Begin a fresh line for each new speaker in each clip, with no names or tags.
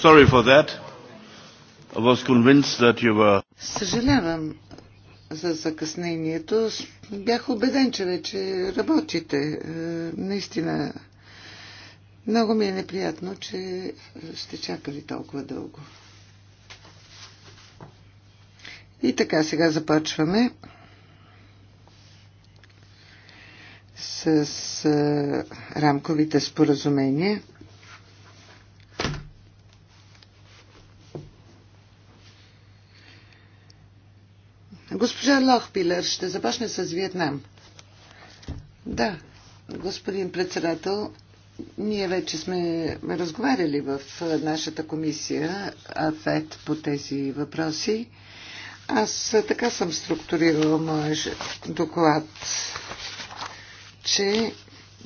Sorry for that. I was convinced that you were...
Съжалявам за закъснението. Бях убеден, че вече работите. Е, наистина, много ми е неприятно, че сте чакали толкова дълго. И така, сега започваме с е, рамковите споразумения. Жан Лохпилер ще започне с Виетнам. Да, господин председател, ние вече сме разговаряли в нашата комисия АФЕТ по тези въпроси. Аз така съм структурирала моя доклад, че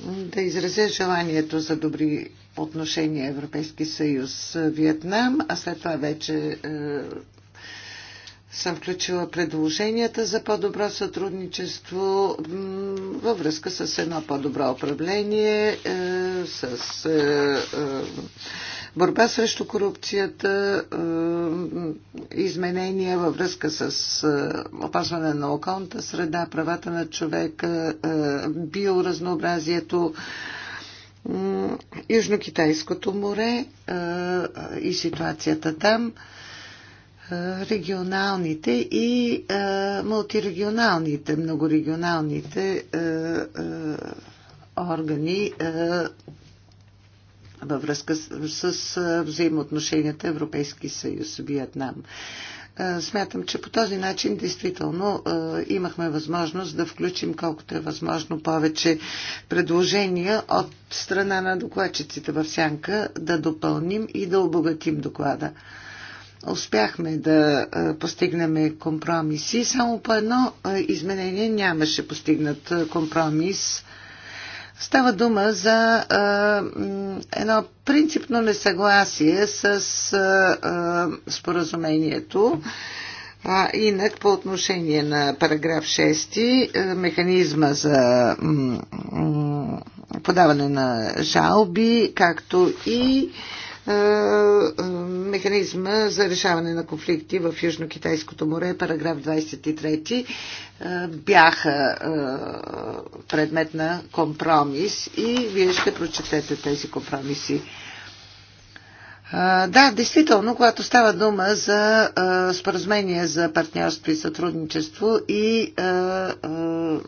да изразя желанието за добри отношения Европейски съюз Виетнам, а след това вече е, съм включила предложенията за по-добро сътрудничество във връзка с едно по-добро управление, е, с е, е, борба срещу корупцията, изменения във връзка с опазване на околната среда, правата на човека, биоразнообразието, Южно-Китайското море и ситуацията там – регионалните и мултирегионалните, многорегионалните органи във връзка с, с взаимоотношенията Европейски съюз Виетнам. Смятам, че по този начин действително имахме възможност да включим колкото е възможно повече предложения от страна на докладчиците в сянка, да допълним и да обогатим доклада успяхме да постигнем компромиси. Само по едно изменение нямаше постигнат компромис. Става дума за а, едно принципно несъгласие с а, споразумението. А, инак по отношение на параграф 6, механизма за подаване на жалби, както и е, е, механизма за решаване на конфликти в Южно-Китайското море, параграф 23, е, бяха предмет на компромис и вие ще прочетете тези компромиси. Да, действително, когато става дума за споразумение за партньорство и сътрудничество и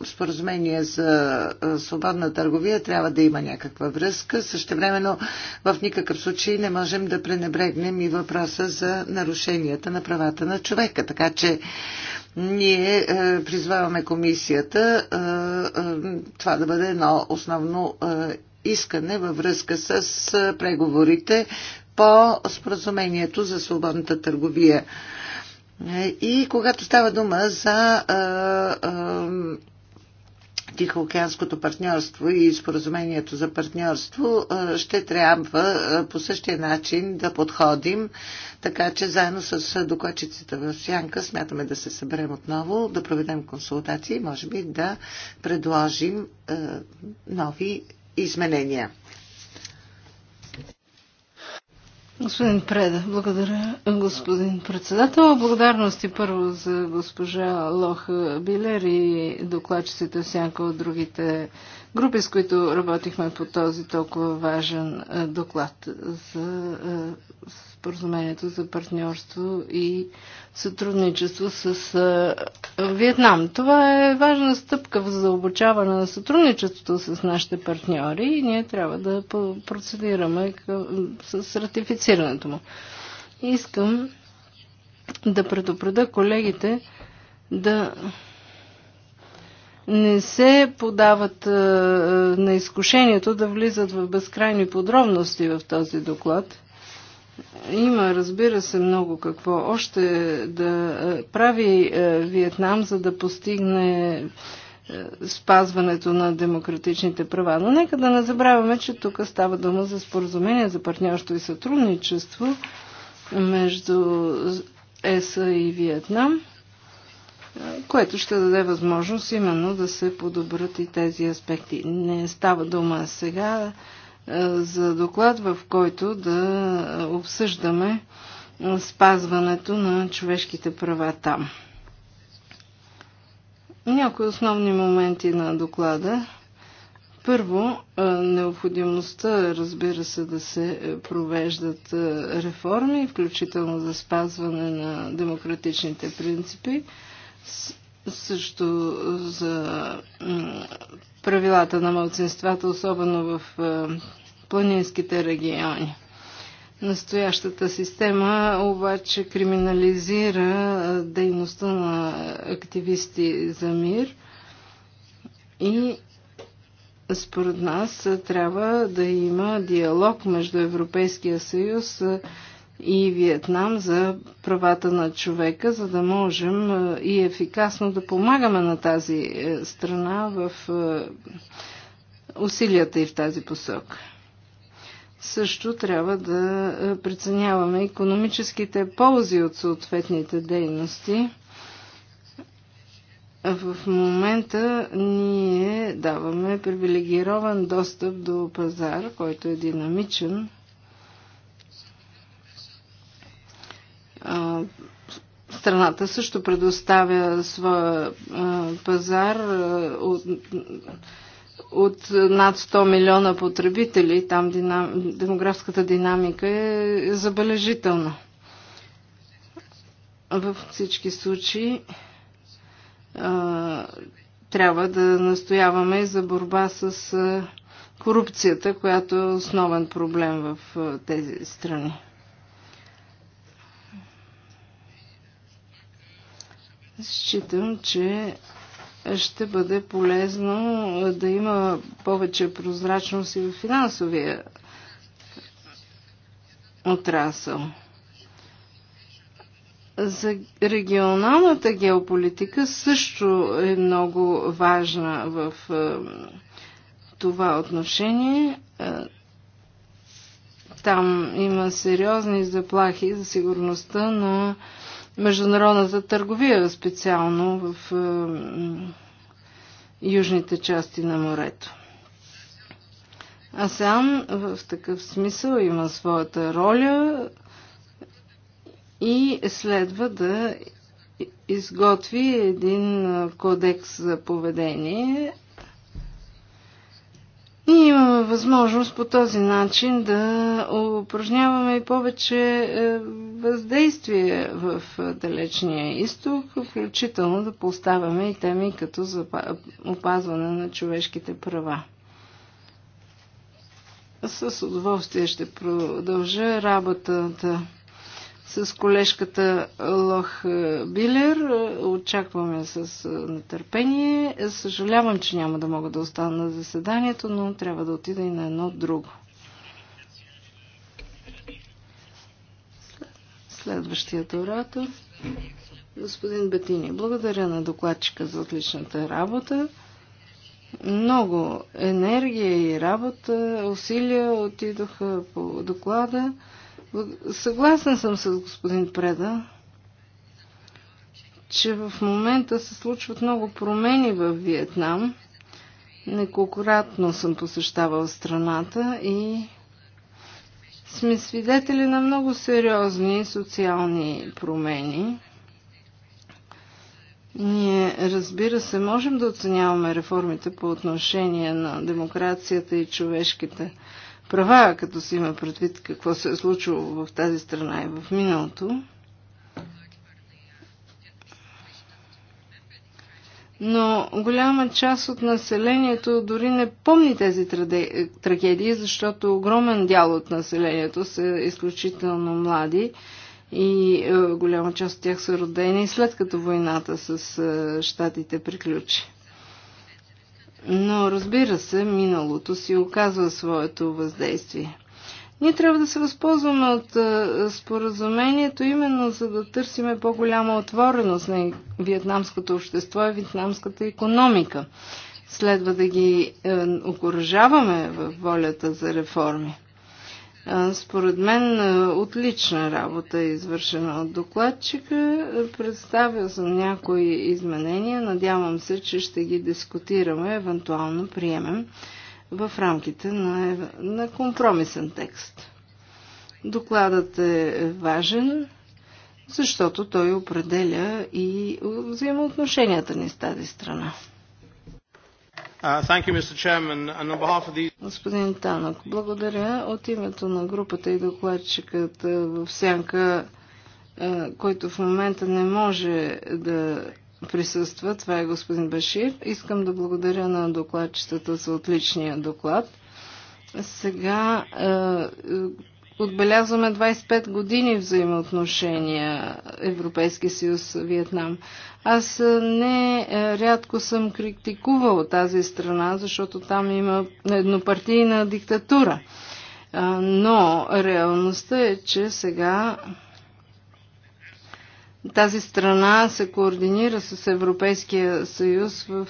споразумение за свободна търговия, трябва да има някаква връзка. Същевременно в никакъв случай не можем да пренебрегнем и въпроса за нарушенията на правата на човека. Така че ние призваваме комисията това да бъде едно основно искане във връзка с преговорите по споразумението за свободната търговия. И когато става дума за Тихоокеанското партньорство и споразумението за партньорство, ще трябва по същия начин да подходим, така че заедно с докладчицата в Сянка смятаме да се съберем отново, да проведем консултации и може би да предложим нови изменения.
Господин Преда, благодаря, господин председател. Благодарности първо за госпожа Лох Билер и докладчиците всяка от другите групи, с които работихме по този толкова важен доклад за споразумението за партньорство и сътрудничество с Виетнам. Това е важна стъпка в заобучаване на сътрудничеството с нашите партньори и ние трябва да процедираме с ратифицирането му. Искам да предупреда колегите да не се подават на изкушението да влизат в безкрайни подробности в този доклад. Има, разбира се, много какво още да е, прави е, Виетнам, за да постигне е, спазването на демократичните права. Но нека да не забравяме, че тук става дума за споразумение за партньорство и сътрудничество между ЕСА и Виетнам, което ще даде възможност именно да се подобрат и тези аспекти. Не става дума сега е, за доклад, в който да обсъждаме спазването на човешките права там. Някои основни моменти на доклада. Първо, е, необходимостта, разбира се, да се провеждат е, реформи, включително за спазване на демократичните принципи, също за правилата на мълцинствата, особено в е, планинските региони. Настоящата система обаче криминализира е, дейността на активисти за мир и според нас е, трябва да има диалог между Европейския съюз и Виетнам за правата на човека, за да можем е, и ефикасно да помагаме на тази е, страна в е, усилията и в тази посока. Също трябва да преценяваме економическите ползи от съответните дейности. В момента ние даваме привилегирован достъп до пазар, който е динамичен – страната също предоставя своя пазар от, от над 100 милиона потребители. Там динам, демографската динамика е забележителна. Във всички случаи трябва да настояваме за борба с корупцията, която е основен проблем в тези страни. Считам, че ще бъде полезно да има повече прозрачност и в финансовия отрасъл. За регионалната геополитика също е много важна в това отношение. Там има сериозни заплахи за сигурността на международната търговия, специално в е, южните части на морето. АСЕАН в такъв смисъл има своята роля и следва да изготви един кодекс за поведение, ние имаме възможност по този начин да упражняваме и повече е, въздействие в е, Далечния изток, включително да поставяме и теми като за опазване на човешките права. С удоволствие ще продължа работата с колежката Лох Билер. Очакваме с е, нетърпение. Съжалявам, че няма да мога да остана на заседанието, но трябва да отида и на едно друго. Следващият оратор. Господин Бетини, благодаря на докладчика за отличната работа. Много енергия и работа, усилия отидоха по доклада. Съгласен съм с господин Преда, че в момента се случват много промени в Виетнам. Неколкократно съм посещавал страната и сме свидетели на много сериозни социални промени. Ние, разбира се, можем да оценяваме реформите по отношение на демокрацията и човешките права, като се има предвид какво се е случило в тази страна и в миналото. Но голяма част от населението дори не помни тези трагедии, защото огромен дял от населението са изключително млади и е, голяма част от тях са родени след като войната с е, щатите приключи. Но разбира се, миналото си оказва своето въздействие. Ние трябва да се възползваме от е, споразумението именно за да търсиме по-голяма отвореност на вьетнамското общество и вьетнамската економика. Следва да ги е, окоръжаваме в волята за реформи. Според мен отлична работа е извършена от докладчика. Представил съм някои изменения. Надявам се, че ще ги дискутираме, евентуално приемем в рамките на, на компромисен текст. Докладът е важен, защото той определя и взаимоотношенията ни с тази страна.
Uh,
господин Танок, благодаря. От името на групата и докладчикът е, в Сянка, е, който в момента не може да присъства, това е господин Башир. Искам да благодаря на докладчетата за отличния доклад. Сега е, отбелязваме 25 години взаимоотношения Европейски съюз-Виетнам. Аз е, не е, рядко съм критикувал тази страна, защото там има еднопартийна диктатура. Е, но реалността е, че сега тази страна се координира с Европейския съюз в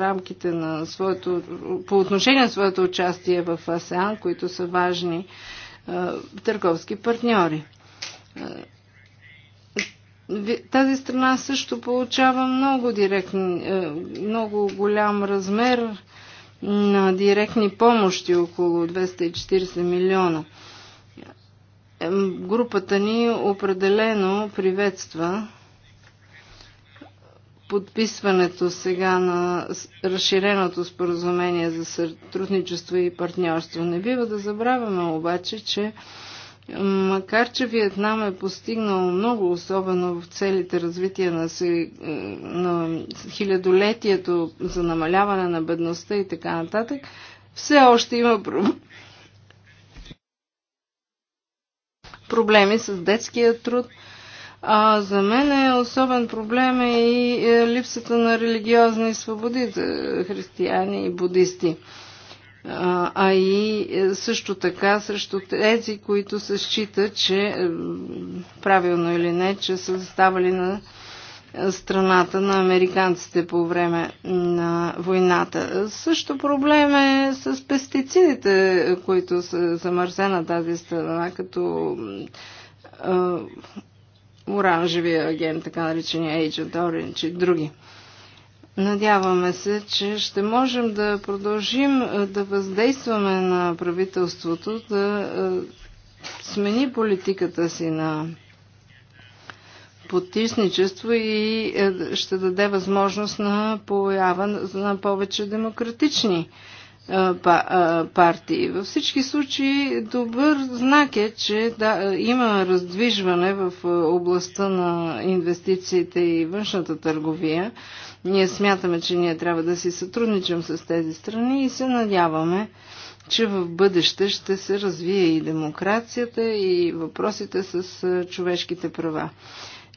рамките на своето, по отношение на своето участие в АСЕАН, които са важни търговски партньори. Тази страна също получава много, директни, е, много голям размер на директни помощи, около 240 милиона. Е, групата ни определено приветства подписването сега на разширеното споразумение за сътрудничество и партньорство. Не бива да забравяме обаче, че Макар, че Виетнам е постигнал много, особено в целите развитие на, си, на хилядолетието за намаляване на бедността и така нататък, все още има проблеми с детския труд. А за мен е особен проблем е и липсата на религиозни свободи за християни и будисти а и е, също така срещу тези, които се счита, че е, правилно или не, че са заставали на е, страната на американците по време на войната. Също проблем е с пестицидите, които са замърсена тази страна, като оранжевия агент, така наречения Agent Orange и други. Надяваме се, че ще можем да продължим е, да въздействаме на правителството да е, смени политиката си на потисничество и е, ще даде възможност на поява на повече демократични партии. Във всички случаи добър знак е, че да, има раздвижване в областта на инвестициите и външната търговия. Ние смятаме, че ние трябва да си сътрудничам с тези страни и се надяваме, че в бъдеще ще се развие и демокрацията и въпросите с човешките права.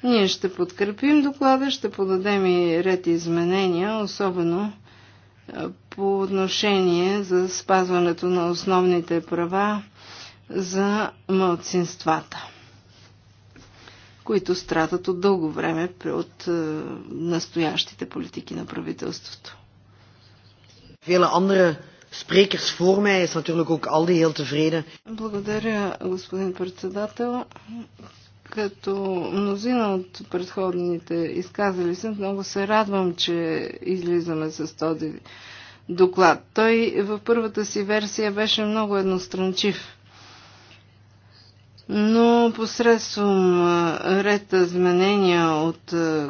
Ние ще подкрепим доклада, ще подадем и ред изменения, особено по отношение за спазването на основните права за мълцинствата, които страдат от дълго време от е, настоящите политики на правителството.
Вела andere sprekers voor mij is natuurlijk ook al die heel tevreden.
Благодаря, господин председател. Като мнозина от предходните изказали се, много се радвам, че излизаме с този доклад. Той в първата си версия беше много едностранчив. Но посредством ред изменения от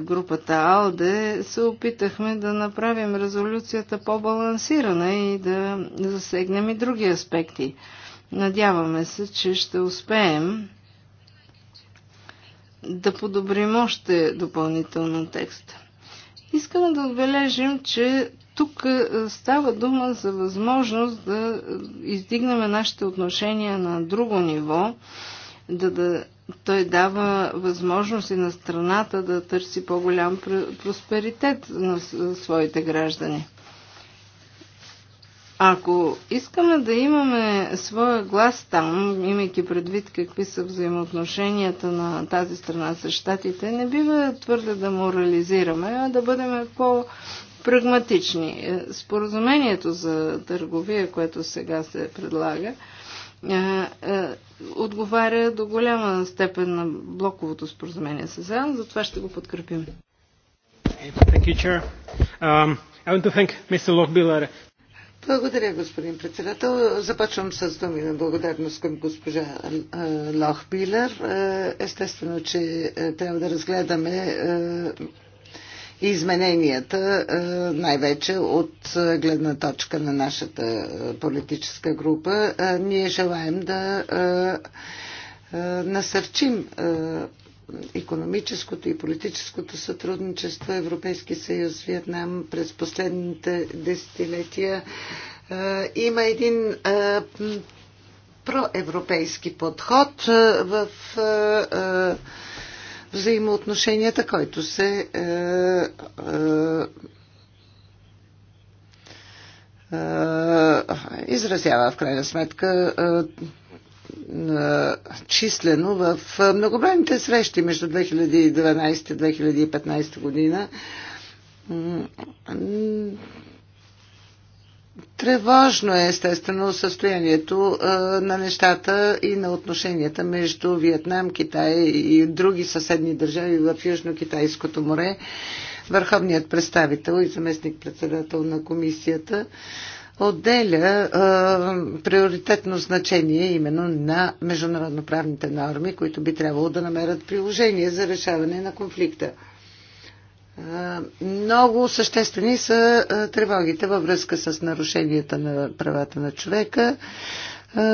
групата АЛДЕ се опитахме да направим резолюцията по-балансирана и да засегнем и други аспекти. Надяваме се, че ще успеем да подобрим още допълнително текста. Искам да отбележим, че тук е, става дума за възможност да издигнем нашите отношения на друго ниво, да, да той дава възможност и на страната да търси по-голям просперитет на своите граждани. Ако искаме да имаме своя глас там, имайки предвид какви са взаимоотношенията на тази страна с щатите, не бива твърде да морализираме, а да бъдем по-прагматични. Е, споразумението за търговия, което сега се предлага, е, е, отговаря до голяма степен на блоковото споразумение с за затова ще го подкрепим.
Thank you, Chair. Um, I want to thank Mr. Lockbiller
благодаря, господин председател. Започвам с думи на благодарност към госпожа Лохбилер. Естествено, че трябва да разгледаме измененията, най-вече от гледна точка на нашата политическа група. Ние желаем да насърчим економическото и политическото сътрудничество Европейски съюз Виетнам през последните десетилетия има един проевропейски подход в взаимоотношенията, който се изразява в крайна сметка числено в многобройните срещи между 2012 и 2015 година. Тревожно е, естествено, състоянието на нещата и на отношенията между Виетнам, Китай и други съседни държави в Южно-Китайското море. Върховният представител и заместник-председател на комисията отделя а, приоритетно значение именно на международноправните норми, които би трябвало да намерят приложение за решаване на конфликта. много съществени са тревогите във връзка с нарушенията на правата на човека,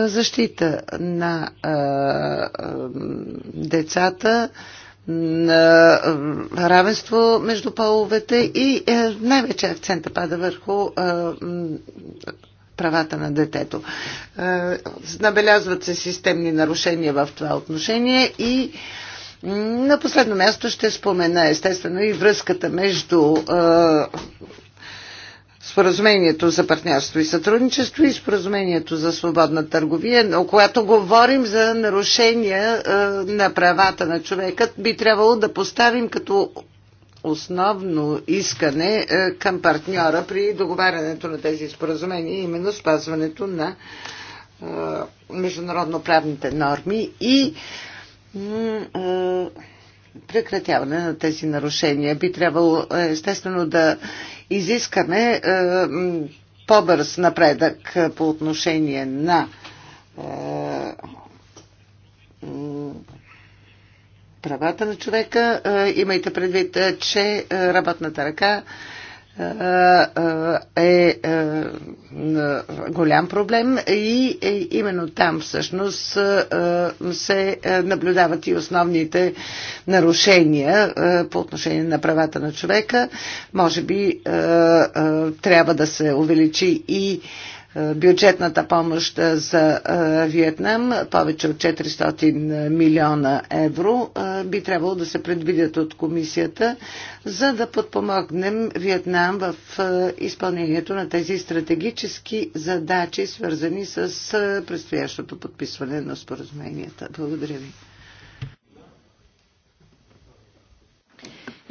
защита на децата, на равенство между половете и е, най-вече акцента пада върху е, правата на детето. Е, набелязват се системни нарушения в това отношение и на последно място ще спомена естествено и връзката между споразумението за партньорство и сътрудничество и споразумението за свободна търговия, но когато говорим за нарушения е, на правата на човека, би трябвало да поставим като основно искане е, към партньора при договарянето на тези споразумения, именно спазването на е, международноправните норми и прекратяване на тези нарушения. Би трябвало естествено да изискаме е, по-бърз напредък е, по отношение на е, правата на човека. Имайте предвид, че работната ръка е, е, е голям проблем и е, именно там всъщност се наблюдават и основните нарушения по отношение на правата на човека. Може би трябва да се увеличи и е, бюджетната помощ е, за е, Виетнам, повече от 400 милиона евро, би трябвало да се предвидят от комисията, за да подпомогнем Виетнам в изпълнението на тези стратегически задачи, свързани с предстоящото подписване на споразуменията. Благодаря ви.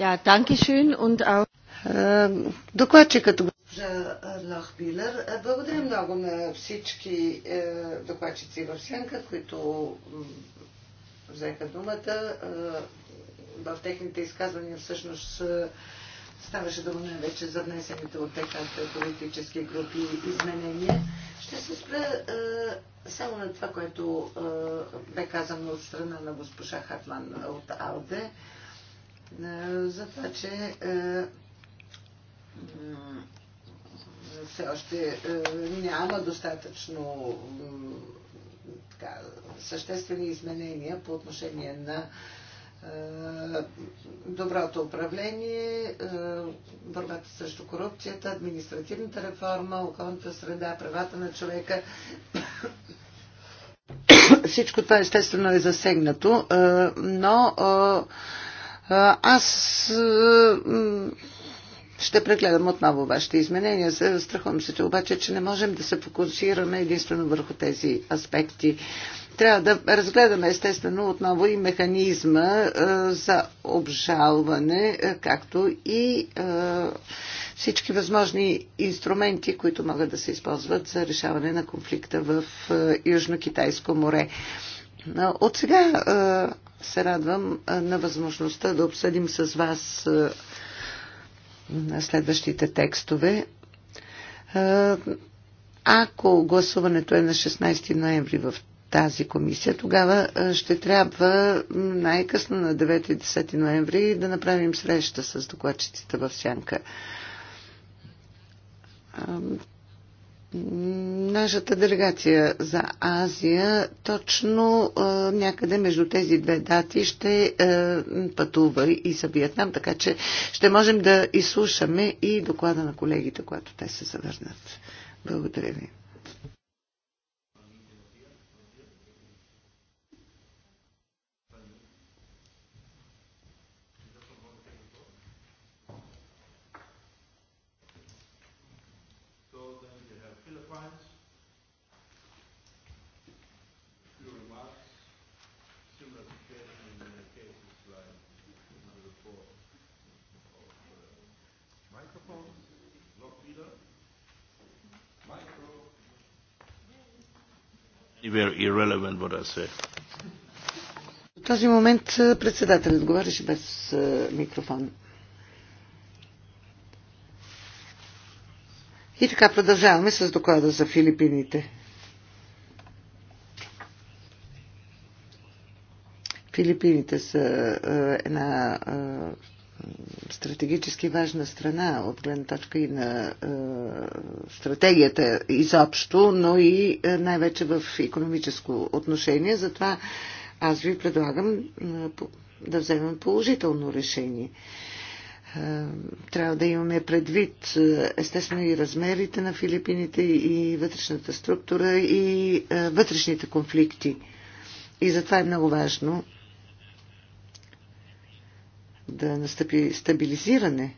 Ja, danke schön und auch. Докладчикът госпожа Лахбилер. Е, благодаря много на всички е, докладчици в Сянка, които взеха думата. Е, в техните изказвания всъщност ставаше дума най-вече за внесените от техните политически групи изменения. Ще се спра само на това, което бе казано от страна на госпожа Хартман от АЛДЕ, за това, че все още е, няма достатъчно така, съществени изменения по отношение на е, доброто управление, е, борбата срещу корупцията, административната реформа, околната среда, правата на човека. Всичко това естествено е засегнато, но аз ще прегледам отново вашите изменения. Страхувам се, че обаче, че не можем да се фокусираме единствено върху тези аспекти. Трябва да разгледаме естествено отново и механизма е, за обжалване, е, както и е, всички възможни инструменти, които могат да се използват за решаване на конфликта в е, Южно-Китайско море. От сега е, се радвам е, на възможността да обсъдим с вас е, на следващите текстове. Ако гласуването е на 16 ноември в тази комисия, тогава ще трябва най-късно на 9 и 10 ноември да направим среща с докладчиците в Сянка. Нашата делегация за Азия точно а, някъде между тези две дати ще а, пътува и за Виетнам, така че ще можем да изслушаме и доклада на колегите, когато те се завърнат. Благодаря ви.
very irrelevant what I say.
В този момент е, председателят говореше без е, микрофон. И така продължаваме с доклада за Филипините. Филипините са е, една стратегически важна страна от гледна точка и на е, стратегията изобщо, но и е, най-вече в економическо отношение. Затова аз ви предлагам е, да вземем положително решение. Е, трябва да имаме предвид е, естествено и размерите на Филипините, и вътрешната структура, и е, вътрешните конфликти. И затова е много важно да настъпи стабилизиране.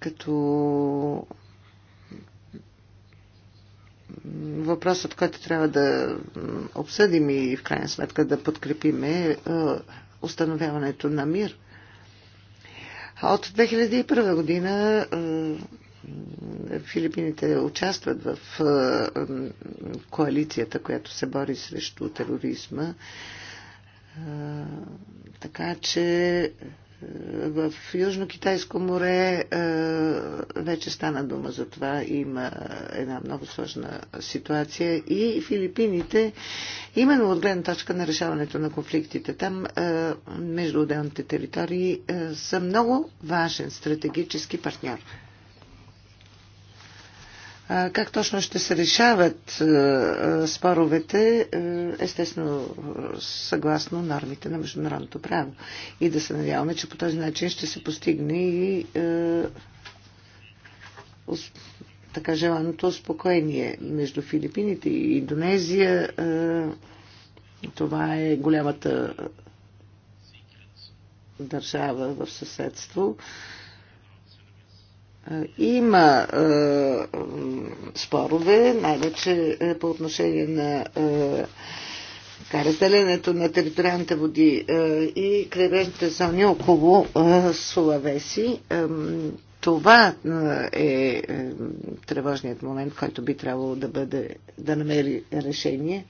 Като въпросът, който трябва да обсъдим и в крайна сметка да подкрепим е, е установяването на мир. От 2001 година е, Филипините участват в е, коалицията, която се бори срещу тероризма така че в Южно-Китайско море вече стана дума за това. Има една много сложна ситуация. И Филипините, именно от гледна точка на решаването на конфликтите там, между отделните територии, са много важен стратегически партньор. Как точно ще се решават споровете, естествено, съгласно нормите на международното право. И да се надяваме, че по този начин ще се постигне и така желаното успокоение между Филипините и Индонезия. Това е голямата държава в съседство. Има е, спорове, най-вече е, по отношение на е, на териториалните води е, и крайбрежните зони около е, Сулавеси. Е, това е, е тревожният момент, който би трябвало да, бъде, да намери решение.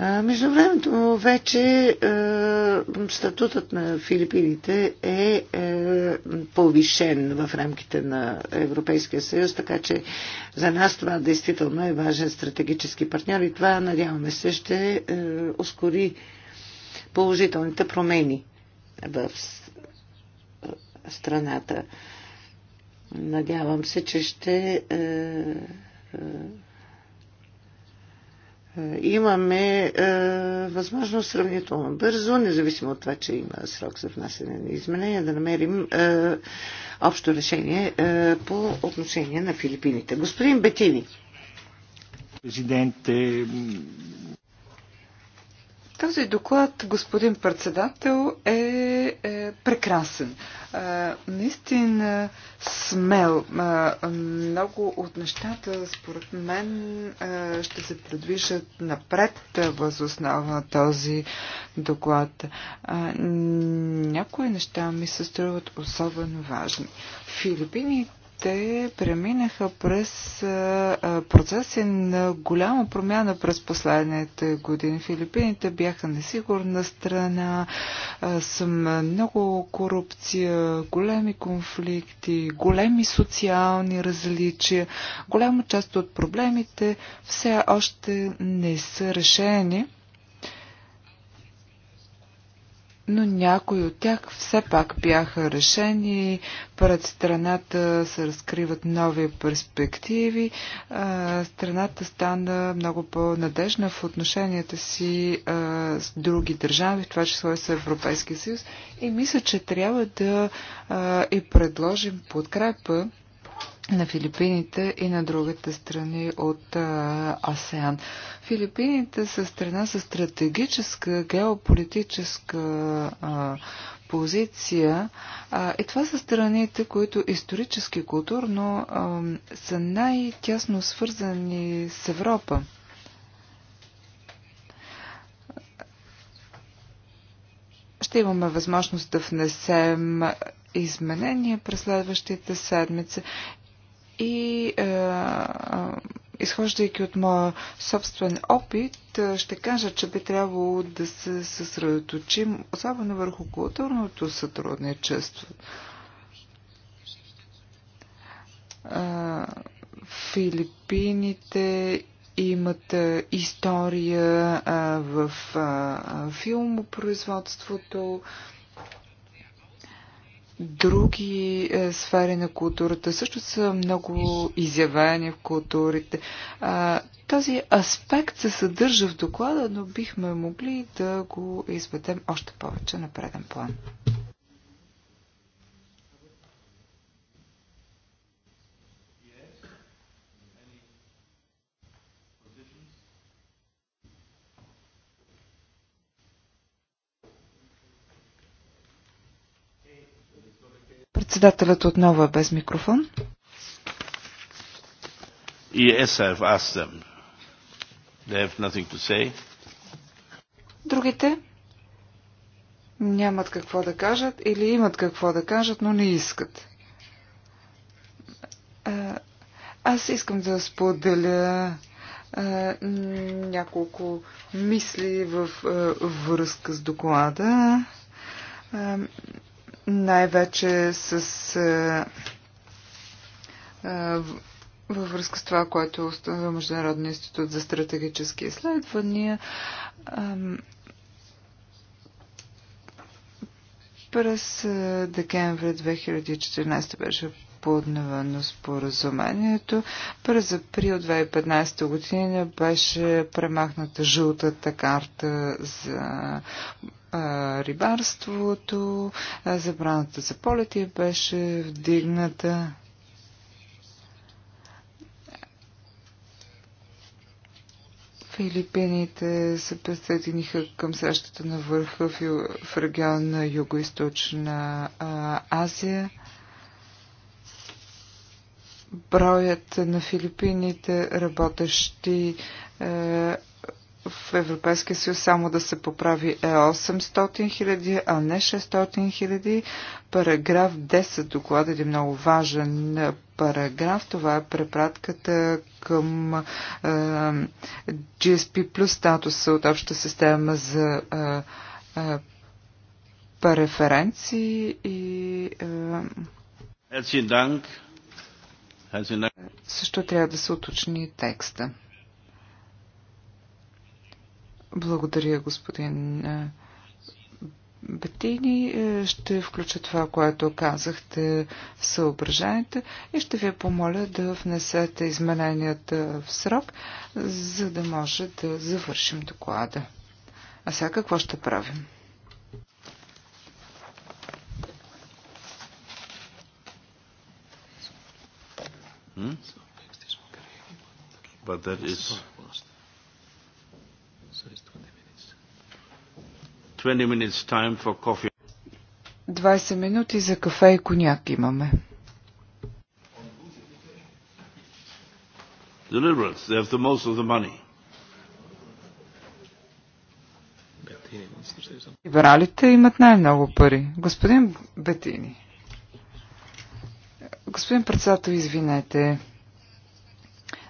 Между времето вече е, статутът на Филипините е, е повишен в рамките на Европейския съюз, така че за нас това действително е важен стратегически партньор и това, надяваме се, ще е, ускори положителните промени в страната. Надявам се, че ще е, имаме е, възможност сравнително бързо, независимо от това, че има срок за внасяне на изменения, да намерим е, общо решение е, по отношение на Филипините. Господин Бетини.
Президенте,
този доклад, господин председател, е, е прекрасен. Е, наистина смел. Е, много от нещата, според мен, е, ще се предвижат напред е, възоснова на този доклад. Е, някои неща ми се струват особено важни. Филипините те преминаха през процеси на голяма промяна през последните години. Филипините бяха несигурна страна, с много корупция, големи конфликти, големи социални различия. Голяма част от проблемите все още не са решени. но някои от тях все пак бяха решени. Пред страната се разкриват нови перспективи. Страната стана много по-надежна в отношенията си с други държави, в това число и с Европейския съюз. И мисля, че трябва да и предложим подкрепа на Филипините и на другите страни от АСЕАН. Филипините са страна с стратегическа геополитическа а, позиция а, и това са страните, които исторически и културно а, са най-тясно свързани с Европа. Ще имаме възможност да внесем изменения през следващите седмици и е, е, изхождайки от моя собствен опит, е, ще кажа, че би трябвало да се съсредоточим особено върху културното сътрудничество. Е, Филипините имат е, история в филмопроизводството други е, сфери на културата също са много изявени в културите. А, този аспект се съдържа в доклада, но бихме могли да го изведем още повече на преден план. Председателят отново е без микрофон.
ES have asked them. They have nothing to say.
Другите нямат какво да кажат или имат какво да кажат, но не искат. Аз искам да споделя а, няколко мисли в а, връзка с доклада. А, най-вече с е, е, във връзка с това, което установил Международния институт за стратегически изследвания. през е, декември 2014 беше подновено споразумението. През април 2015 година беше премахната жълтата карта за рибарството, забраната за полети беше вдигната. Филипините се присъединиха към срещата на върха в, в на Юго-Источна Азия броят на филипините работещи е, в Европейския съюз само да се поправи е 800 хиляди, а не 600 хиляди. Параграф 10 доклада е много важен параграф. Това е препратката към е, GSP плюс статуса от обща система за е, е, преференции и е... Също трябва да се уточни текста. Благодаря, господин Бетини. Е, ще включа това, което казахте в съображенията и ще ви помоля да внесете измененията в срок, за да може да завършим доклада. А сега какво ще правим?
But that is 20 minutes time for coffee.
20 минути за кафе и коняк имаме.
The liberals, they have the most of the money. Либералите
имат най-много пари. Господин Бетини. Господин председател, извинете.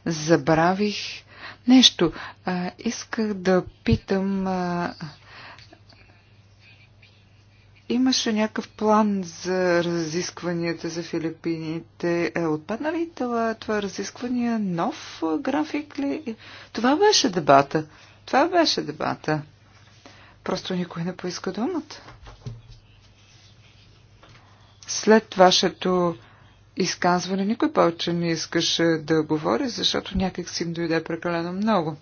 Забравих нещо. А, исках да питам. А, имаше някакъв план за разискванията за Филипините. Е, отпадна ли това, това разисквания? Нов график ли? Това беше дебата. Това беше дебата. Просто никой не поиска думата. След вашето изказване. Никой повече не искаше да говори, защото някак си им дойде прекалено много.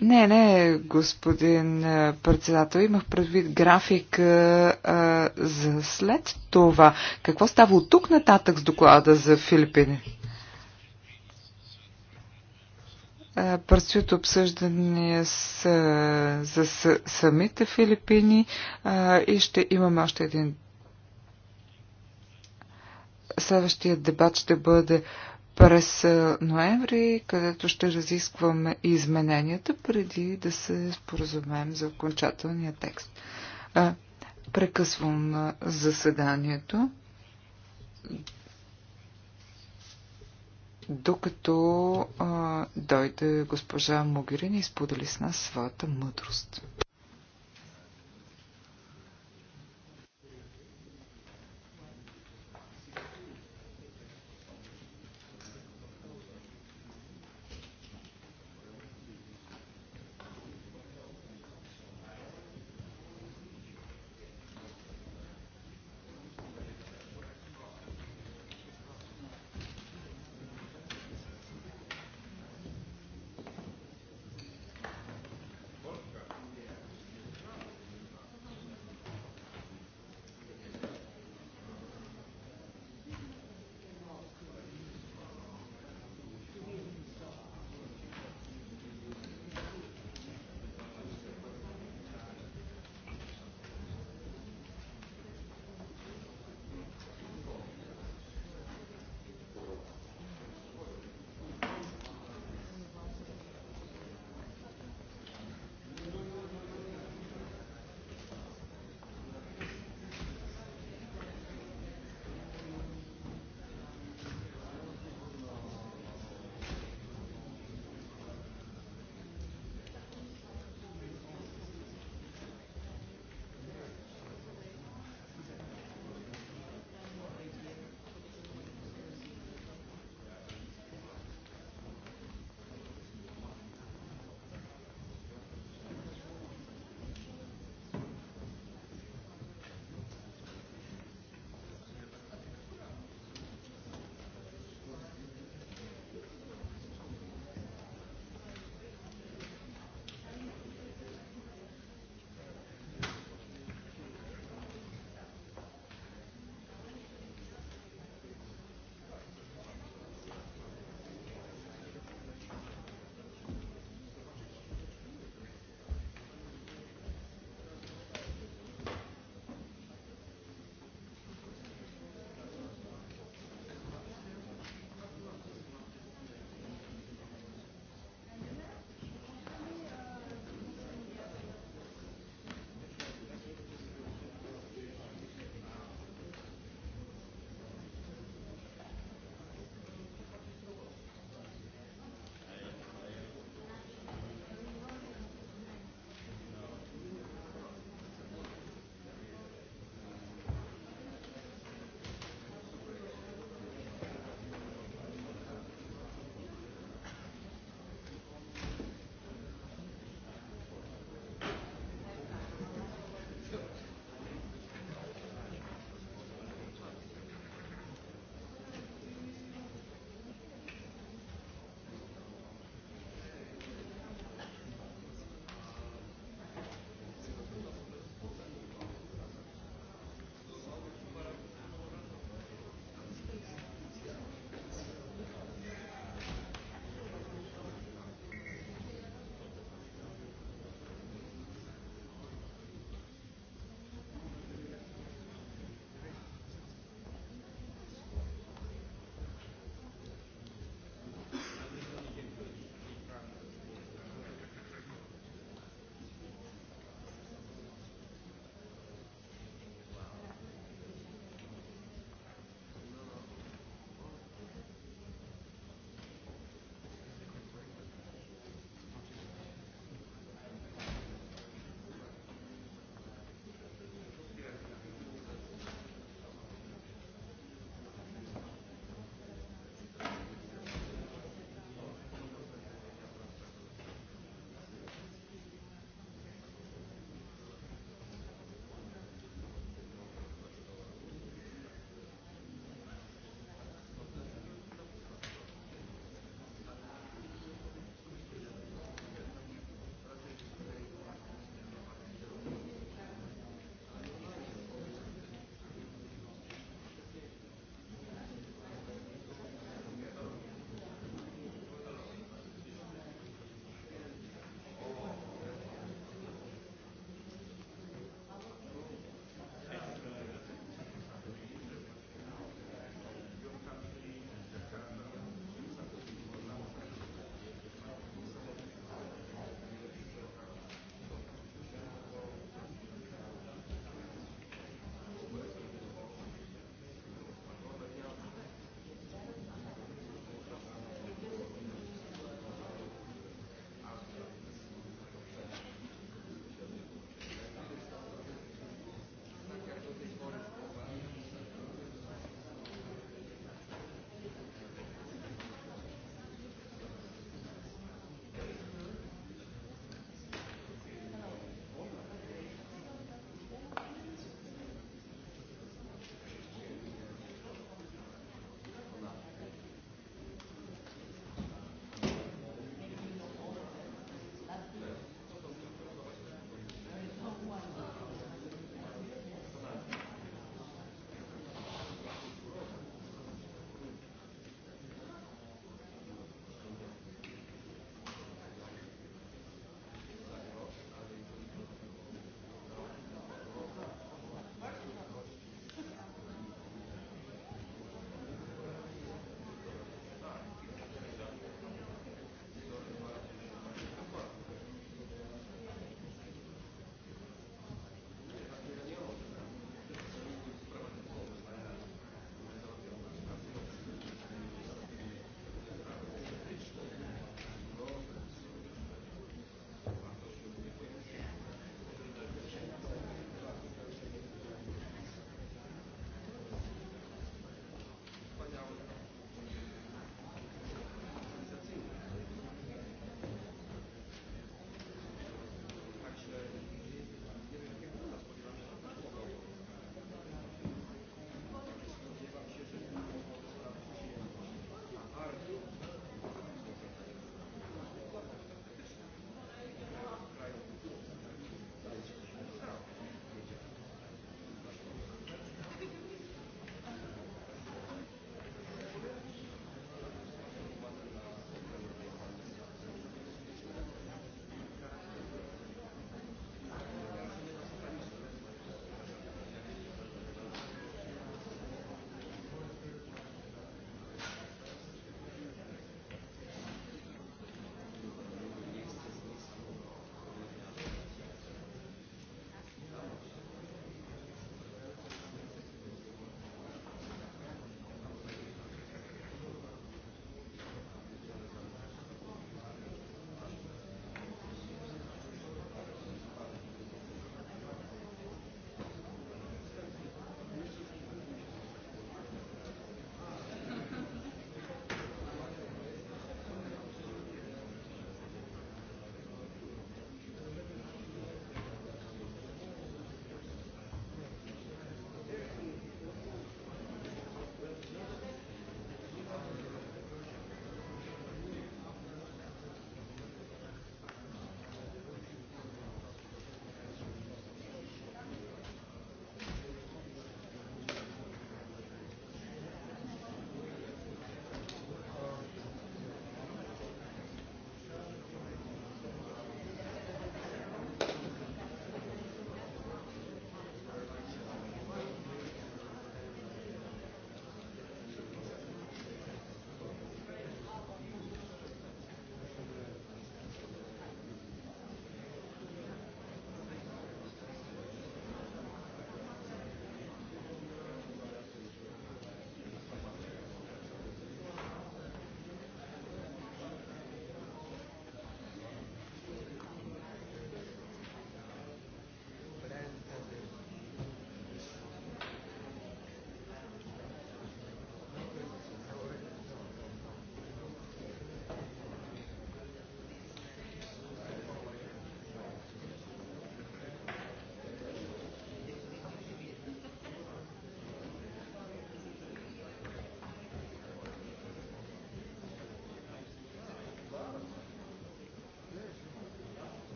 Не, не, господин председател. Имах предвид график а, за след това. Какво става от тук нататък с доклада за Филипини? Предстоят обсъждания с, за с, самите Филипини а, и ще имаме още един Следващия дебат ще бъде през ноември, където ще разискваме измененията преди да се споразумеем за окончателния текст. Прекъсвам заседанието, докато дойде госпожа Могирин и сподели с нас своята мъдрост.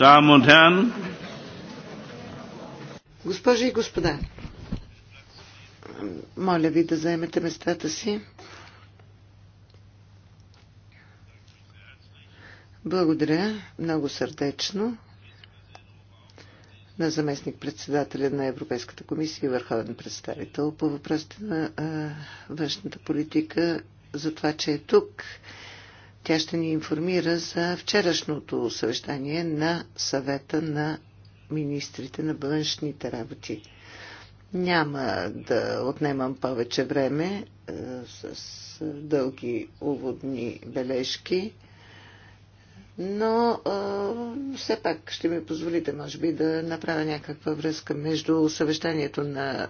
Herren,
Госпожи и господа, моля ви да заемете местата си. Благодаря много сърдечно на заместник-председателя на Европейската комисия и върховен представител по въпросите на външната политика за това, че е тук тя ще ни информира за вчерашното съвещание на съвета на министрите на външните работи. Няма да отнемам повече време е, с дълги уводни бележки, но е, все пак ще ми позволите, може би, да направя някаква връзка между съвещанието на е,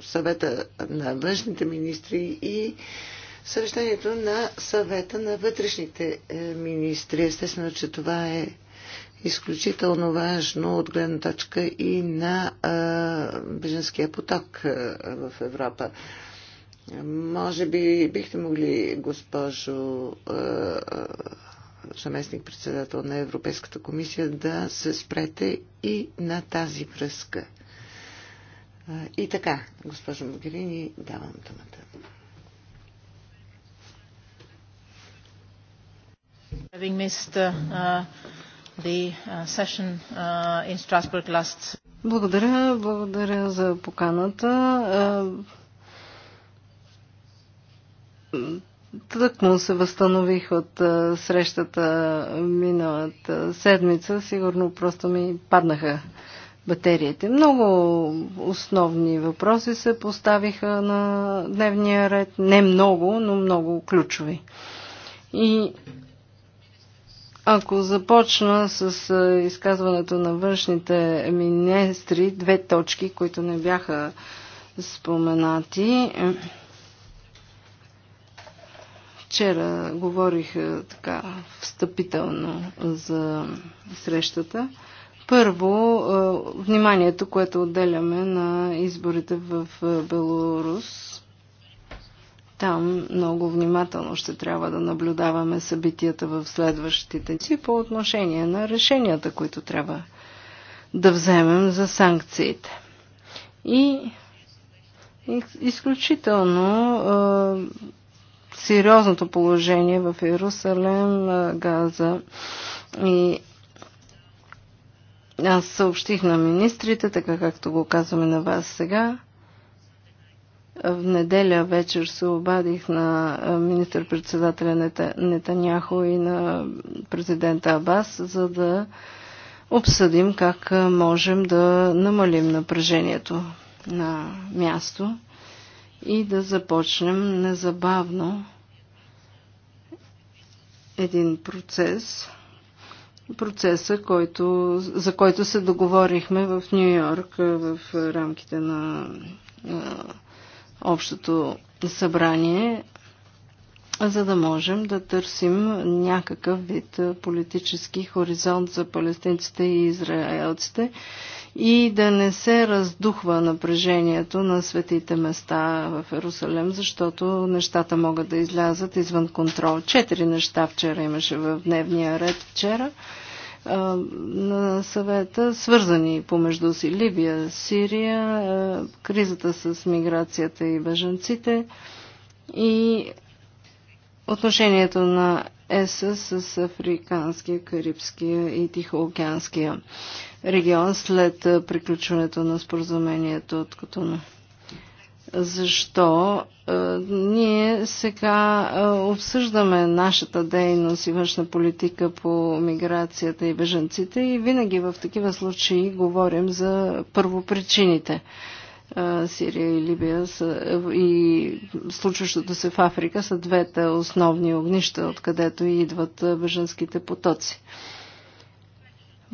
съвета на външните министри и съвещанието на съвета на вътрешните е, министри. Естествено, че това е изключително важно от гледна точка и на е, беженския поток е, в Европа. Може би бихте могли, госпожо заместник-председател на Европейската комисия, да се спрете и на тази връзка. И така, госпожо Могерини, давам думата.
Uh, uh, uh, благодаря, благодаря за поканата. Е, тъкмо се възстанових от е, срещата миналата седмица. Сигурно просто ми паднаха батериите. Много основни въпроси се поставиха на дневния ред. Не много, но много ключови. И ако започна с е, изказването на външните министри, две точки, които не бяха споменати. Вчера говорих е, така встъпително за срещата. Първо, е, вниманието, което отделяме на изборите в Беларус там много внимателно ще трябва да наблюдаваме събитията в следващите си по отношение на решенията, които трябва да вземем за санкциите. И изключително е, сериозното положение в Иерусалем, Газа и аз съобщих на министрите, така както го казваме на вас сега, в неделя вечер се обадих на министър-председателя Нетаняхо и на президента Абас, за да обсъдим как можем да намалим напрежението на място и да започнем незабавно един процес, процеса, който, за който се договорихме в Нью Йорк в рамките на, на общото събрание, за да можем да търсим някакъв вид политически хоризонт за палестинците и израелците и да не се раздухва напрежението на светите места в Ерусалем, защото нещата могат да излязат извън контрол. Четири неща вчера имаше в дневния ред вчера на съвета, свързани помежду си Либия, Сирия, кризата с миграцията и бежанците и отношението на ЕС с Африканския, Карибския и Тихоокеанския регион след приключването на споразумението от Котоно защо а, е, ние сега а, е, обсъждаме нашата дейност и външна политика по миграцията и беженците и винаги в такива случаи говорим за първопричините. А, е, Сирия и Либия са, и случващото се в Африка са двете основни огнища, откъдето идват беженските потоци. А,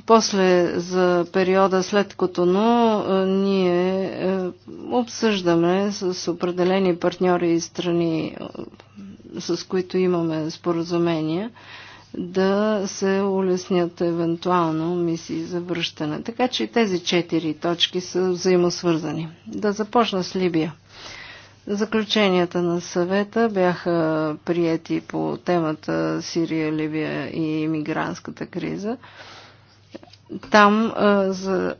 после за периода след Котоно е, ние е, обсъждаме с определени партньори и страни, е, с които имаме споразумения, да се улеснят евентуално мисии за връщане. Така че тези четири точки са взаимосвързани. Да започна с Либия. Заключенията на съвета бяха приети по темата Сирия, Ливия и мигрантската криза. Там а, за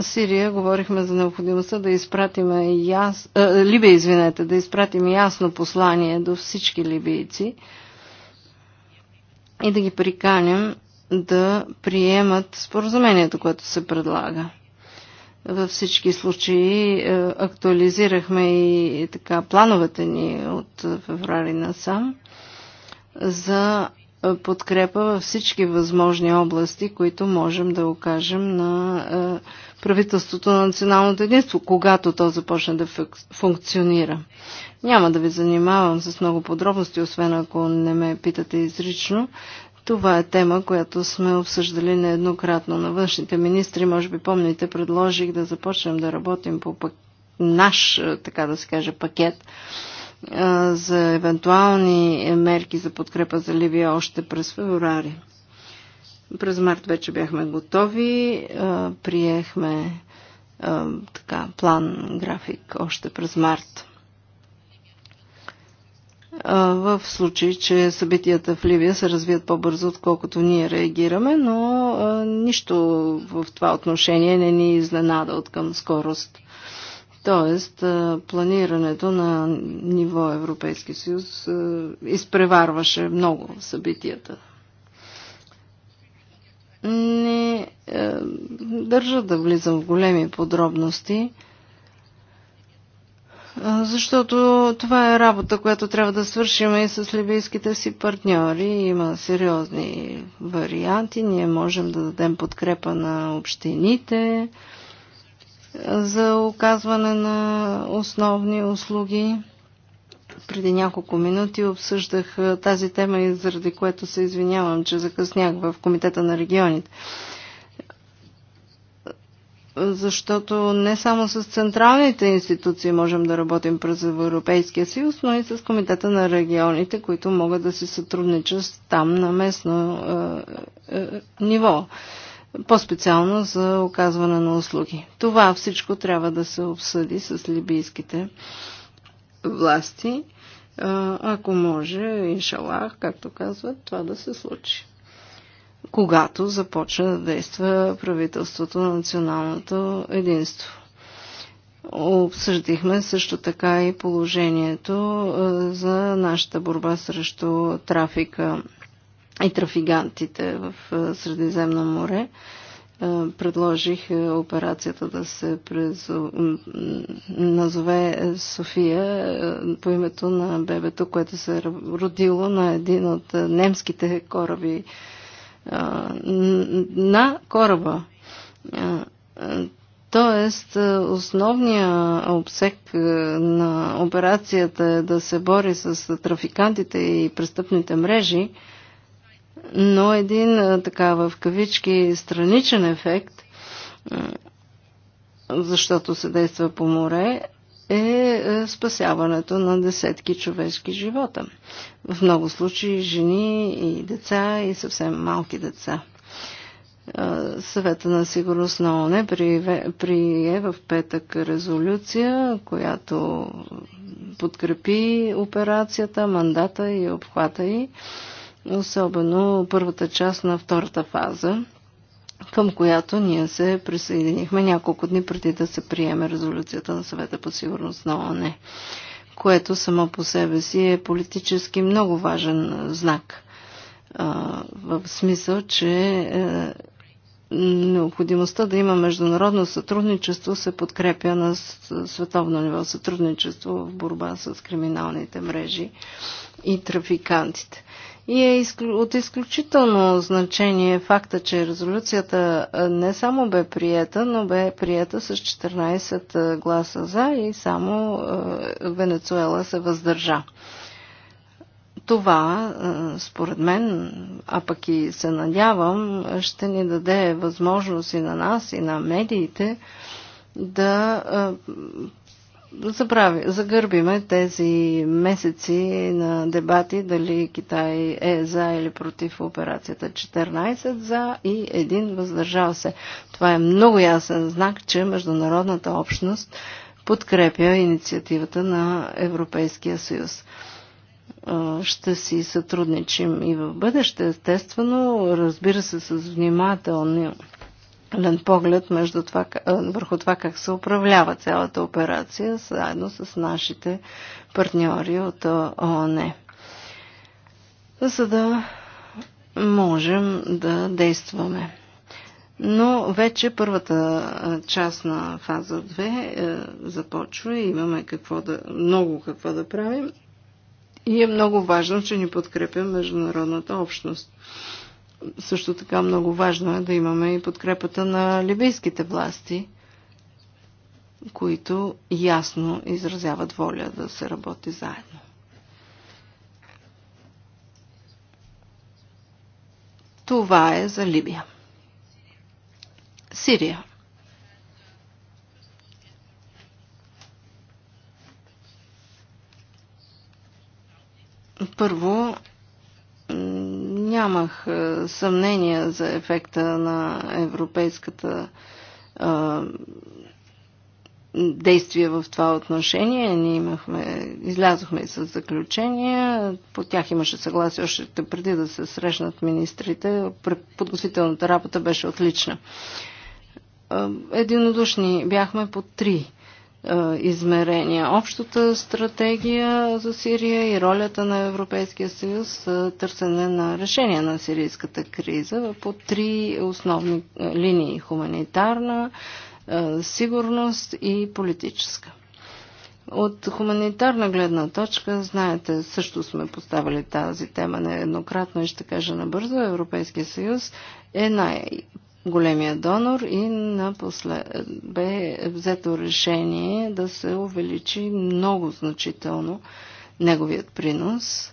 Сирия говорихме за необходимостта да изпратиме яс... а, Либия, извинете, да изпратим ясно послание до всички либийци и да ги приканим да приемат споразумението, което се предлага. Във всички случаи актуализирахме и така плановете ни от феврари насам за подкрепа във всички възможни области, които можем да окажем на е, правителството на националното единство, когато то започне да функционира. Няма да ви занимавам с много подробности, освен ако не ме питате изрично. Това е тема, която сме обсъждали нееднократно на външните министри. Може би помните, предложих да започнем да работим по пак... наш, е, така да се каже, пакет за евентуални мерки за подкрепа за Ливия още през феврари. През март вече бяхме готови, приехме така, план, график още през март. В случай, че събитията в Ливия се развият по-бързо, отколкото ние реагираме, но нищо в това отношение не ни изненада от към скорост. Тоест, планирането на ниво Европейски съюз изпреварваше много събитията. Не държа да влизам в големи подробности, защото това е работа, която трябва да свършим и с либийските си партньори. Има сериозни варианти. Ние можем да дадем подкрепа на общините, за оказване на основни услуги. Преди няколко минути обсъждах тази тема и заради което се извинявам, че закъснях в Комитета на регионите защото не само с централните институции можем да работим през Европейския съюз, но и с Комитета на регионите, които могат да се сътрудничат там на местно е, е, ниво по-специално за оказване на услуги. Това всичко трябва да се обсъди с либийските власти, ако може, иншалах, както казват, това да се случи. Когато започне да действа правителството на националното единство. Обсъждихме също така и положението за нашата борба срещу трафика и трафигантите в Средиземно море предложих операцията да се презо... назове е, София по името на бебето, което се е родило на един от немските кораби на кораба. Тоест, основният обсек на операцията е да се бори с трафикантите и престъпните мрежи, но един така в кавички страничен ефект, защото се действа по море, е, е спасяването на десетки човешки живота. В много случаи жени и деца и съвсем малки деца. Съвета на сигурност на ОНЕ прие в петък резолюция, която подкрепи операцията, мандата и обхвата й. И особено първата част на втората фаза, към която ние се присъединихме няколко дни преди да се приеме резолюцията на съвета по сигурност на ООН, което само по себе си е политически много важен знак. В смисъл, че е, необходимостта да има международно сътрудничество се подкрепя на световно ниво сътрудничество в борба с криминалните мрежи и трафикантите. И е от изключително значение факта, че резолюцията не само бе приета, но бе приета с 14 гласа за и само Венецуела се въздържа. Това, според мен, а пък и се надявам, ще ни даде възможност и на нас, и на медиите да забрави, загърбиме тези месеци на дебати дали Китай е за или против операцията. 14 за и един въздържал се. Това е много ясен знак, че международната общност подкрепя инициативата на Европейския съюз. Ще си сътрудничим и в бъдеще, естествено, разбира се, с внимателни пълен поглед между това, върху това как се управлява цялата операция, заедно с нашите партньори от ООН. За да можем да действаме. Но вече първата част на фаза 2 е, започва и имаме какво да, много какво да правим. И е много важно, че ни подкрепя международната общност също така много важно е да имаме и подкрепата на либийските власти, които ясно изразяват воля да се работи заедно. Това е за Либия. Сирия. Първо, нямах е, съмнение за ефекта на европейската е, действия в това отношение. Ние имахме, излязохме и с заключения. По тях имаше съгласие още преди да се срещнат министрите. Подготвителната работа беше отлична. Е, единодушни бяхме по три е, измерения. Общата стратегия за Сирия и ролята на Европейския съюз за е, търсене на решение на сирийската криза по три основни е, линии хуманитарна, сигурност и политическа. От хуманитарна гледна точка, знаете, също сме поставили тази тема нееднократно и ще кажа набързо, Европейския съюз е най- големия донор и напослед бе взето решение да се увеличи много значително неговият принос,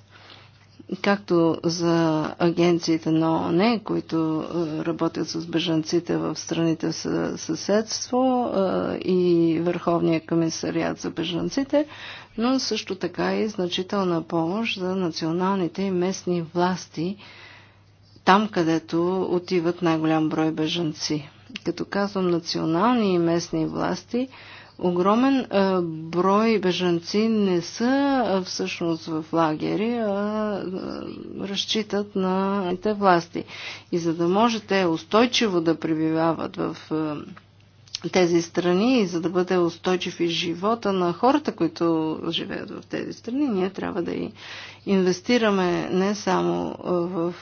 както за агенциите на ООН, които работят с бежанците в страните съседство и Върховния комисариат за бежанците, но също така и значителна помощ за националните и местни власти – там, където отиват най-голям брой бежанци. Като казвам национални и местни власти, огромен а, е, брой бежанци не са а, е, всъщност в лагери, а, а е, разчитат на те власти. И за да може те устойчиво да пребивават в а, тези страни и за да бъде устойчив и живота на хората, които живеят в тези страни, ние трябва да и инвестираме не само в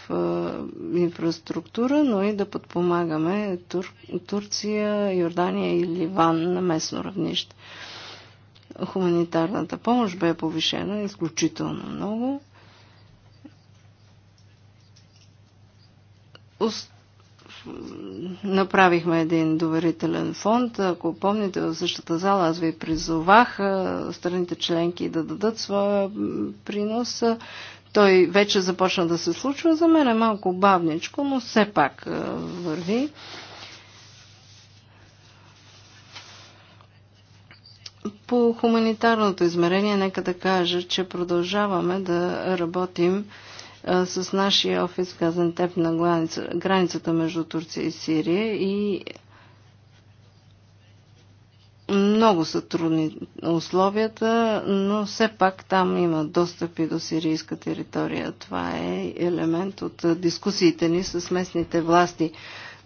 инфраструктура, но и да подпомагаме Тур... Турция, Йордания и Ливан на местно равнище. Хуманитарната помощ бе повишена изключително много направихме един доверителен фонд. Ако помните, в същата зала аз ви призовах страните членки да дадат своя принос. Той вече започна да се случва. За мен е малко бавничко, но все пак върви. По хуманитарното измерение, нека да кажа, че продължаваме да работим с нашия офис Газантеп на граница, границата между Турция и Сирия и много са трудни условията, но все пак там има достъпи до сирийска територия. Това е елемент от дискусиите ни с местните власти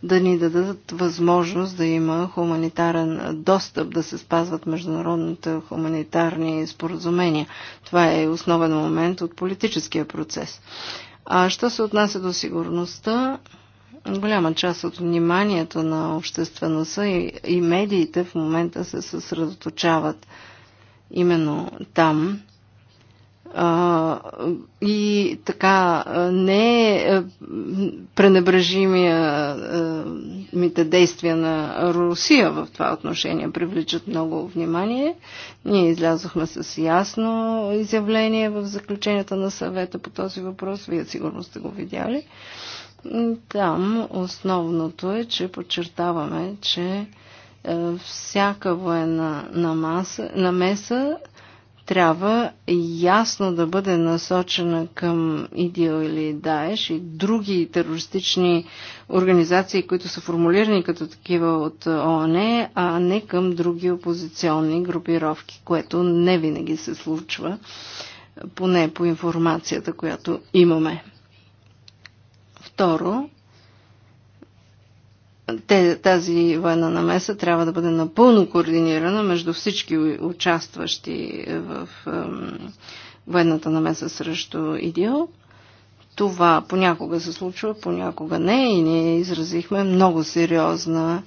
да ни дадат възможност да има хуманитарен достъп, да се спазват международните хуманитарни споразумения. Това е основен момент от политическия процес. А що се отнася до сигурността, голяма част от вниманието на обществеността и, и медиите в момента се съсредоточават именно там и така не е, е, пренебрежимите е, действия на Русия в това отношение привличат много внимание. Ние излязохме с ясно изявление в заключенията на съвета по този въпрос. Вие сигурно сте го видяли. Там основното е, че подчертаваме, че всяка военна намеса трябва ясно да бъде насочена към ИДИЛ или ДАЕШ и други терористични организации, които са формулирани като такива от ООН, а не към други опозиционни групировки, което не винаги се случва, поне по информацията, която имаме. Второ, тази военна намеса трябва да бъде напълно координирана между всички участващи в военната намеса срещу ИДИО. Това понякога се случва, понякога не и ние изразихме много сериозна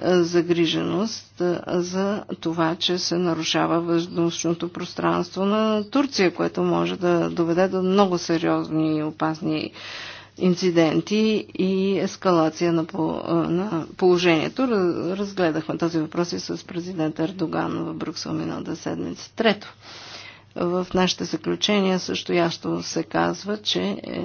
е, загриженост е, за това, че се нарушава въздушното пространство на Турция, което може да доведе до много сериозни и опасни инциденти и ескалация на, на положението. Разгледахме този въпрос и с президента Ердоган в Брюксел миналата седмица. Трето, в нашите заключения също ясно се казва, че е,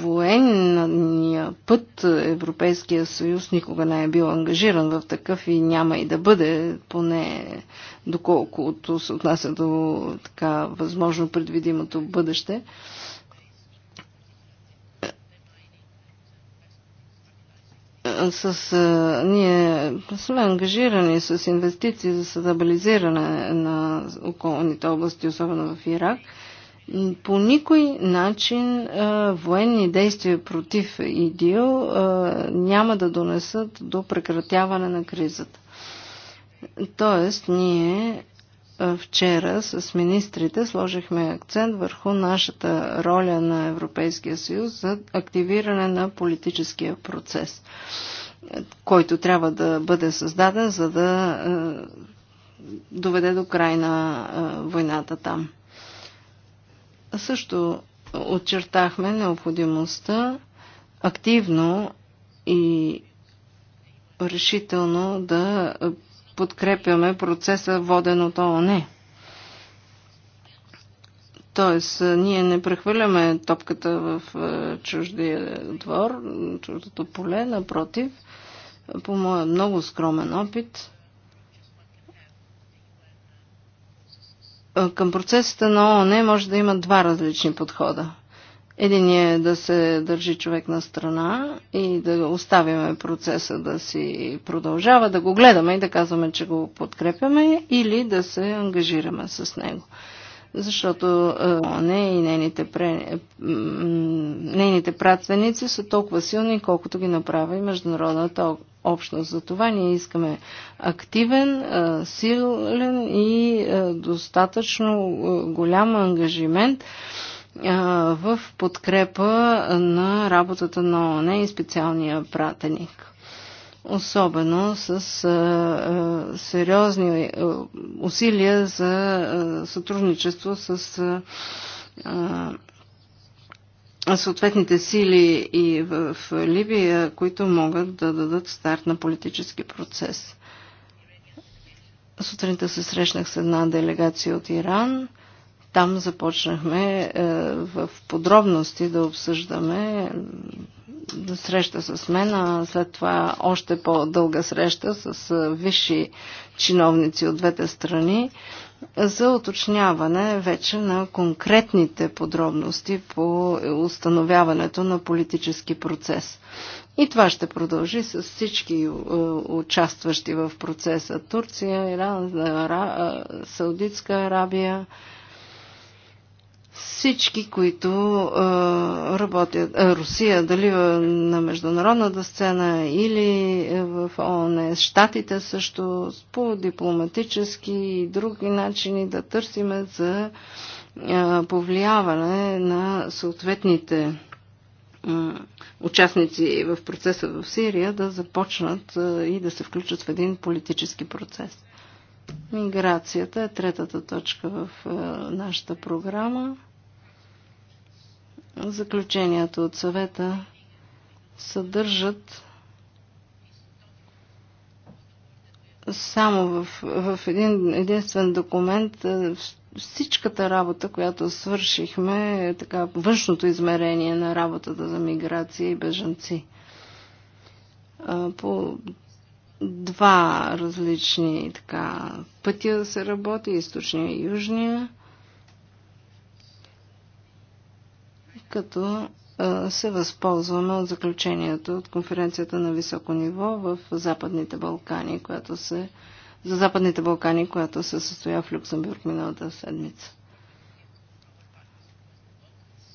военния път Европейския съюз никога не е бил ангажиран в такъв и няма и да бъде, поне доколкото се отнася до така възможно предвидимото бъдеще. с, а, ние сме ангажирани с инвестиции за стабилизиране на околните области, особено в Ирак. А, по никой начин военни действия против ИДИЛ няма да донесат до прекратяване на кризата. Тоест, ние вчера с министрите сложихме акцент върху нашата роля на Европейския съюз за активиране на политическия процес, който трябва да бъде създаден, за да доведе до край на войната там също отчертахме необходимостта активно и решително да подкрепяме процеса воден от ООН. Тоест, ние не прехвърляме топката в е, чуждия двор, чуждото поле, напротив, по моя много скромен опит – към процесите на ООН може да има два различни подхода. Един е да се държи човек на страна и да оставяме процеса да си продължава, да го гледаме и да казваме, че го подкрепяме или да се ангажираме с него. Защото ООН и нейните, пре... нейните пратвеници са толкова силни, колкото ги направи Международната общност. Затова ние искаме активен, силен и достатъчно голям ангажимент в подкрепа на работата на ООН и специалния пратеник особено с а, а, сериозни а, усилия за а, сътрудничество с а, съответните сили и в Либия, които могат да дадат старт на политически процес. Сутринта се срещнах с една делегация от Иран. Там започнахме е, в подробности да обсъждаме да среща с мен, а след това още по-дълга среща с е, висши чиновници от двете страни за уточняване вече на конкретните подробности по установяването на политически процес. И това ще продължи с всички е, участващи в процеса Турция, Иран, Саудитска Арабия, всички, които а, работят, а, Русия, дали на международната сцена или в ООН, Штатите също, по дипломатически и други начини да търсиме за а, повлияване на съответните участници в процеса в Сирия да започнат и да се включат в един политически процес. Миграцията е третата точка в е, нашата програма. Заключенията от съвета съдържат само в, в един единствен документ е, всичката работа, която свършихме, е така, външното измерение на работата за миграция и бежанци. По два различни така, пътя да се работи, източния и южния, като се възползваме от заключението от конференцията на високо ниво в Западните Балкани, която се, за Западните Балкани, която се състоя в Люксембург миналата седмица.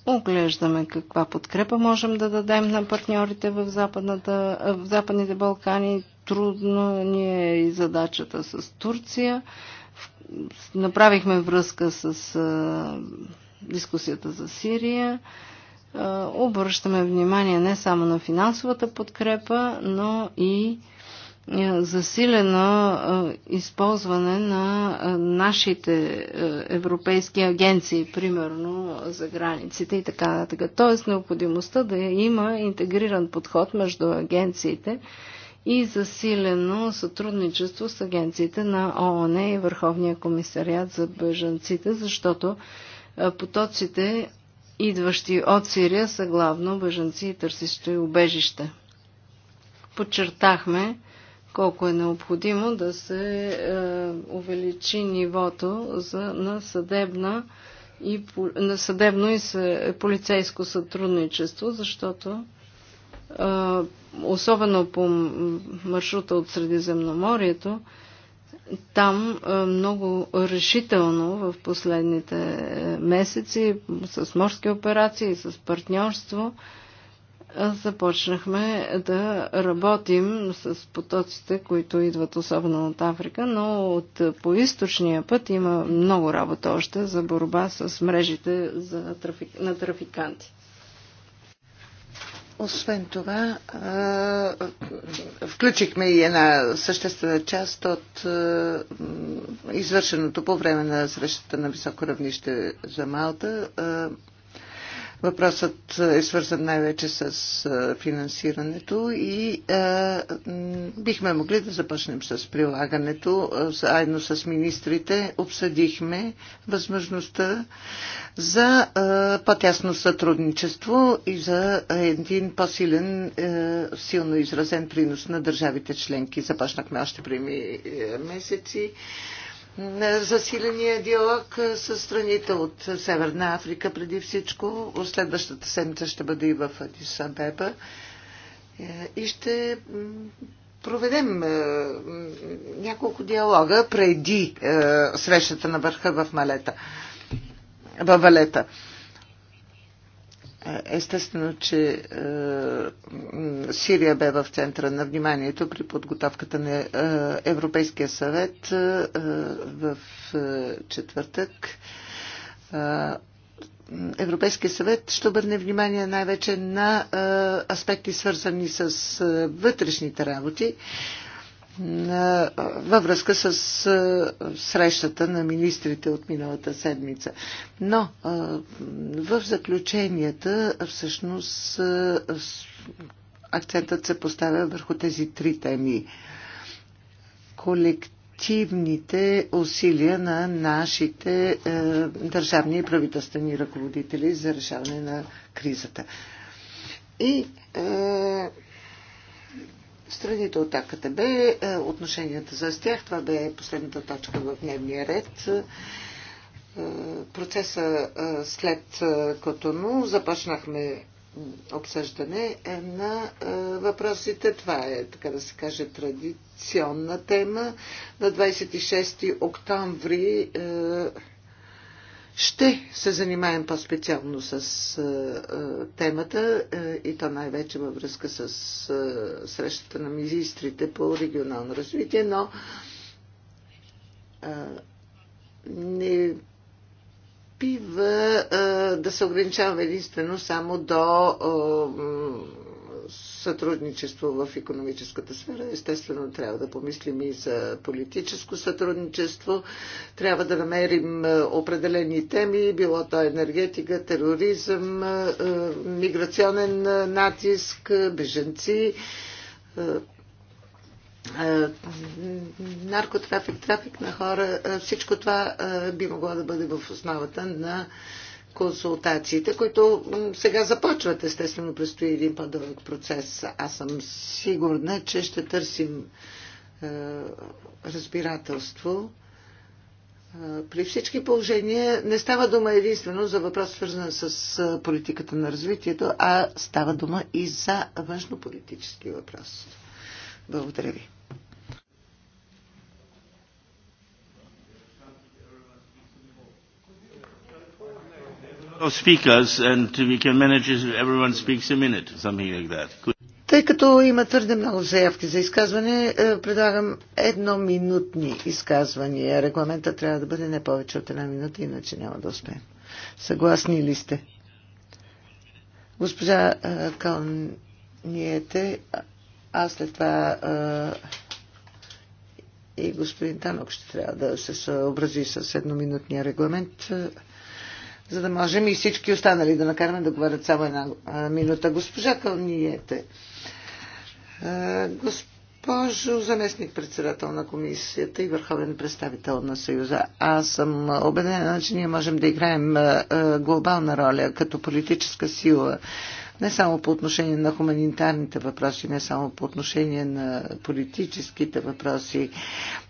Оглеждаме каква подкрепа можем да дадем на партньорите в, западната, в Западните Балкани. Трудно ни е и задачата с Турция. Направихме връзка с а, дискусията за Сирия. А, обръщаме внимание не само на финансовата подкрепа, но и е, засилено е, използване на е, нашите европейски агенции, примерно за границите и така нататък. Тоест необходимостта да има интегриран подход между агенциите и засилено сътрудничество с агенциите на ООН и Върховния комисариат за бежанците, защото потоците, идващи от Сирия, са главно бежанци и търсещи убежище. Подчертахме, колко е необходимо да се е, увеличи нивото за, на съдебна и на съдебно и полицейско сътрудничество, защото е, особено по маршрута от Средиземноморието, там е много решително в последните е, месеци с морски операции, с партньорство, започнахме да работим с потоците, които идват особено от Африка, но от по източния път има много работа още за борба с мрежите за трафик, на трафиканти.
Освен това, включихме
и една
съществена част от извършеното по време на срещата на високо равнище за Малта Въпросът е свързан най-вече с финансирането и е, бихме могли да започнем с прилагането. Заедно с министрите обсъдихме възможността за е, по-тясно сътрудничество и за един по-силен, е, силно изразен принос на държавите членки. Започнахме още преди месеци засиления диалог с страните от Северна Африка преди всичко. Следващата седмица ще бъде и в Адис Абеба. Е, и ще проведем е, няколко диалога преди е, срещата на върха в Малета. В Валета. Естествено, че е, Сирия бе в центъра на вниманието при подготовката на е, Европейския съвет е, в е, четвъртък. Е, Европейския съвет ще обърне внимание най-вече на е, аспекти, свързани с е, вътрешните работи. Е, във връзка с срещата на министрите от миналата седмица. Но в заключенията всъщност акцентът се поставя върху тези три теми. Колективните активните усилия на нашите е, държавни и правителствени ръководители за решаване на кризата. И е, Страните от АКТБ, е, отношенията за тях, това бе последната точка в дневния ред. Е, процеса е, след Котону започнахме обсъждане на въпросите. Това е, така да се каже, традиционна тема. На 26 октомври ще се занимаем по-специално с е, е, темата е, и то най-вече във връзка с срещата на министрите по регионално развитие, но не бива да се ограничава единствено само до сътрудничество в економическата сфера. Естествено, трябва да помислим и за политическо сътрудничество. Трябва да намерим е, определени теми, било то енергетика, тероризъм, е, е, миграционен натиск, беженци, наркотрафик, трафик на хора. Всичко това би могло да бъде в основата на консултациите, които сега започват. Естествено, предстои един по-дълъг процес. Аз съм сигурна, че ще търсим е, разбирателство. Е, при всички положения не става дума единствено за въпрос, свързан с е, политиката на развитието, а става дума и за външнополитически въпрос. Благодаря ви. Тъй като има твърде много заявки за изказване, е, предлагам едноминутни изказвания. Регламента трябва да бъде не повече от една минута, иначе няма да успеем. Съгласни ли сте? Госпожа е, Калниете, аз след това е, и господин Танок ще трябва да се съобрази с едноминутния регламент за да можем и всички останали да накараме да говорят само една минута. Госпожа Кълниете, госпожо заместник председател на комисията и върховен представител на Съюза, аз съм убедена, че ние можем да играем глобална роля като политическа сила не само по отношение на хуманитарните въпроси, не само по отношение на политическите въпроси.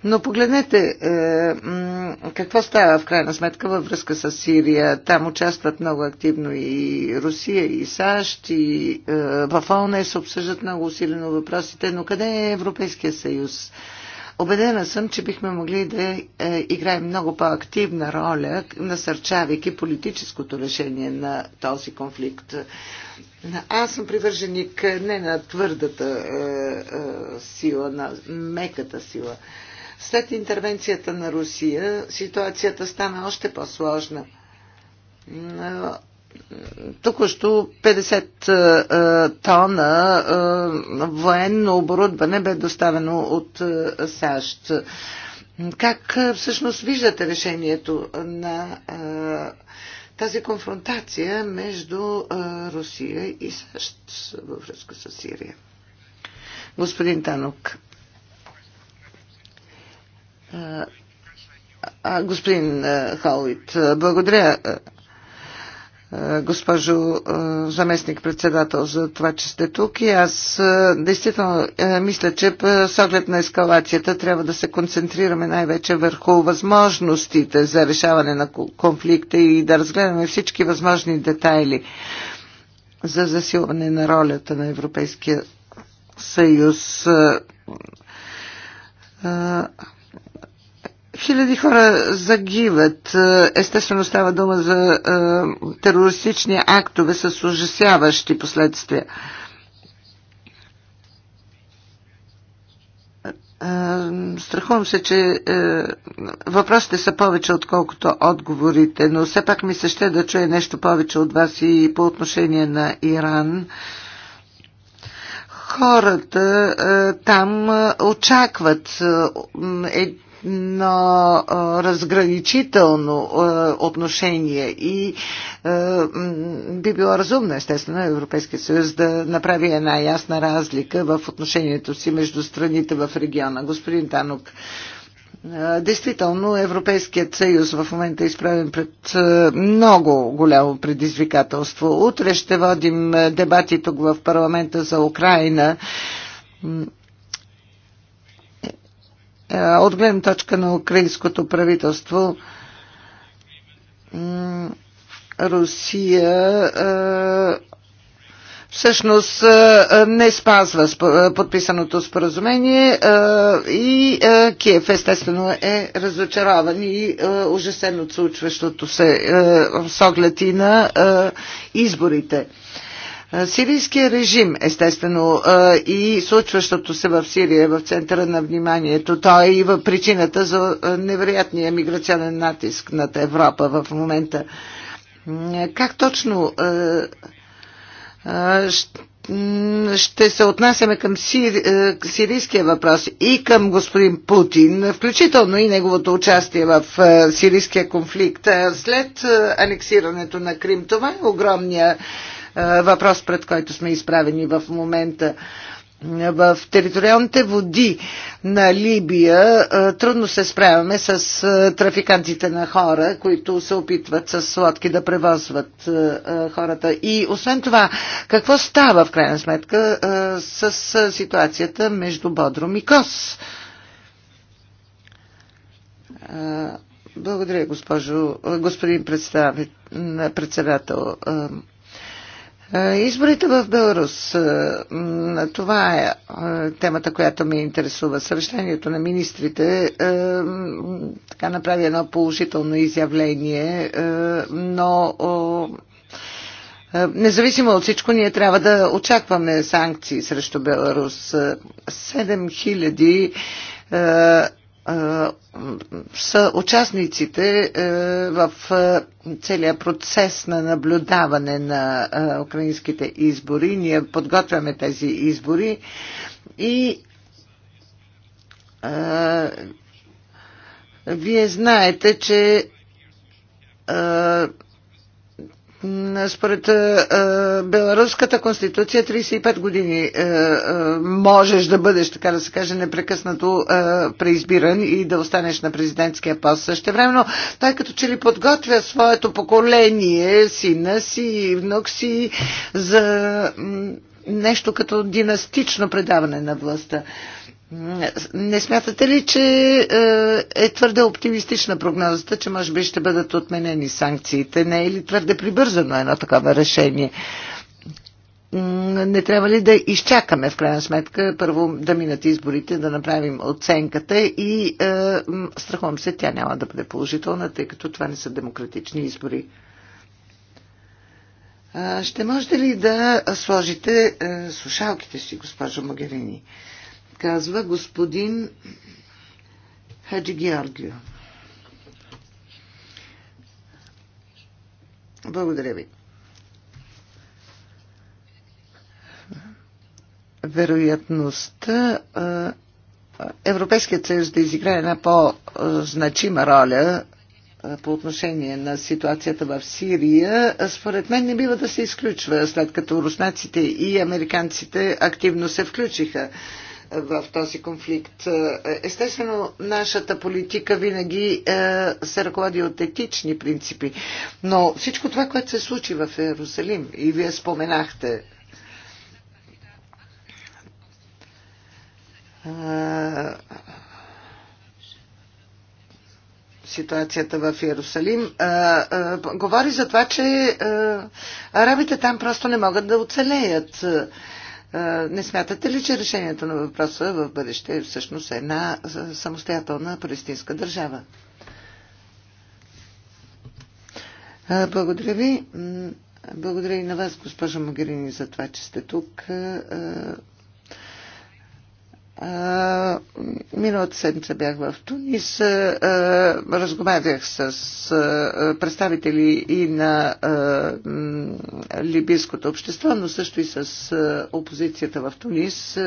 Но погледнете е, какво става в крайна сметка във връзка с Сирия. Там участват много активно и Русия, и САЩ, и е, в ООН се обсъждат много усилено въпросите, но къде е Европейския съюз? Обедена съм, че бихме могли да е, играем много по-активна роля, насърчавайки политическото решение на този конфликт. Аз съм привърженик е, не на твърдата е, е, сила, на меката сила. След интервенцията на Русия ситуацията стана още по-сложна. Току-що 50 е, е, тона е, военно оборудване бе доставено от е, САЩ. Как е, всъщност виждате решението на тази конфронтация между Русия и САЩ във връзка с Сирия. Господин Танок, господин Халвит, благодаря госпожо заместник-председател, за това, че сте тук. И аз действително мисля, че с оглед на ескалацията трябва да се концентрираме най-вече върху възможностите за решаване на конфликта и да разгледаме всички възможни детайли за засилване на ролята на Европейския съюз. Хиляди хора загиват. Е, естествено става дума за е, терористични актове с ужасяващи последствия. Е, страхувам се, че е, въпросите са повече, отколкото отговорите, но все пак ми се ще да чуя нещо повече от вас и по отношение на Иран. Хората е, там е, очакват е, но разграничително отношение и би било разумно, естествено, Европейския съюз да направи една ясна разлика в отношението си между страните в региона. Господин Танук, Действително, Европейският съюз в момента е изправен пред много голямо предизвикателство. Утре ще водим дебати тук в парламента за Украина е, от гледна точка на украинското правителство Русия е, всъщност е, не спазва подписаното споразумение и Киев естествено е разочарован и ужасен от случващото се с оглед и на изборите. Сирийския режим, естествено, и случващото се в Сирия е в центъра на вниманието. Той е и в причината за невероятния миграционен натиск над Европа в момента. Как точно ще се отнасяме към сирийския въпрос и към господин Путин, включително и неговото участие в сирийския конфликт след анексирането на Крим. Това е огромния е, въпрос, пред който сме изправени в момента в териториалните води на Либия е, трудно се справяме с е, трафикантите на хора, които се опитват с лодки да превозват хората. И освен това, какво става в крайна сметка с ситуацията между Бодрум и Кос? Благодаря, госпожо, господин председател. Е, изборите в Беларус. Е, това е, е темата, която ме интересува. Съвещанието на министрите така направи едно положително изявление, но независимо от всичко, ние трябва да очакваме санкции срещу Беларус. 7000 са участниците в целия процес на наблюдаване на украинските избори. Ние подготвяме тези избори и вие знаете, че според е, е, беларуската конституция 35 години е, можеш да бъдеш, така да се каже, непрекъснато преизбиран и да останеш на президентския пост също време, но Той като че ли подготвя своето поколение, сина си, и внук си за нещо като династично предаване на властта. Не смятате ли, че е, е твърде оптимистична прогнозата, че може би ще бъдат отменени санкциите? Не е ли твърде прибързано е едно такова решение? Не трябва ли да изчакаме в крайна сметка първо да минат изборите, да направим оценката и е, страхувам се, тя няма да бъде положителна, тъй като това не са демократични избори. Ще можете ли да сложите е, слушалките си, госпожо Могерини? казва господин Хаджи Георгио. Благодаря ви. Вероятността Европейският съюз да изиграе една по-значима роля по отношение на ситуацията в Сирия, според мен не бива да се изключва, след като руснаците и американците активно се включиха в този конфликт. Естествено, нашата политика винаги е, се ръководи от етични принципи, но всичко това, което се случи в Иерусалим, и вие споменахте, е, ситуацията в Иерусалим, а, е, а, говори за това, че а, арабите там просто не могат да оцелеят. А, не смятате ли, че решението на въпроса в бъдеще е всъщност една самостоятелна палестинска държава? Благодаря ви. Благодаря и на вас, госпожа Магерини, за това, че сте тук. Миналата седмица бях в Тунис, разговарях с представители и на либийското общество, но също и с опозицията в Тунис.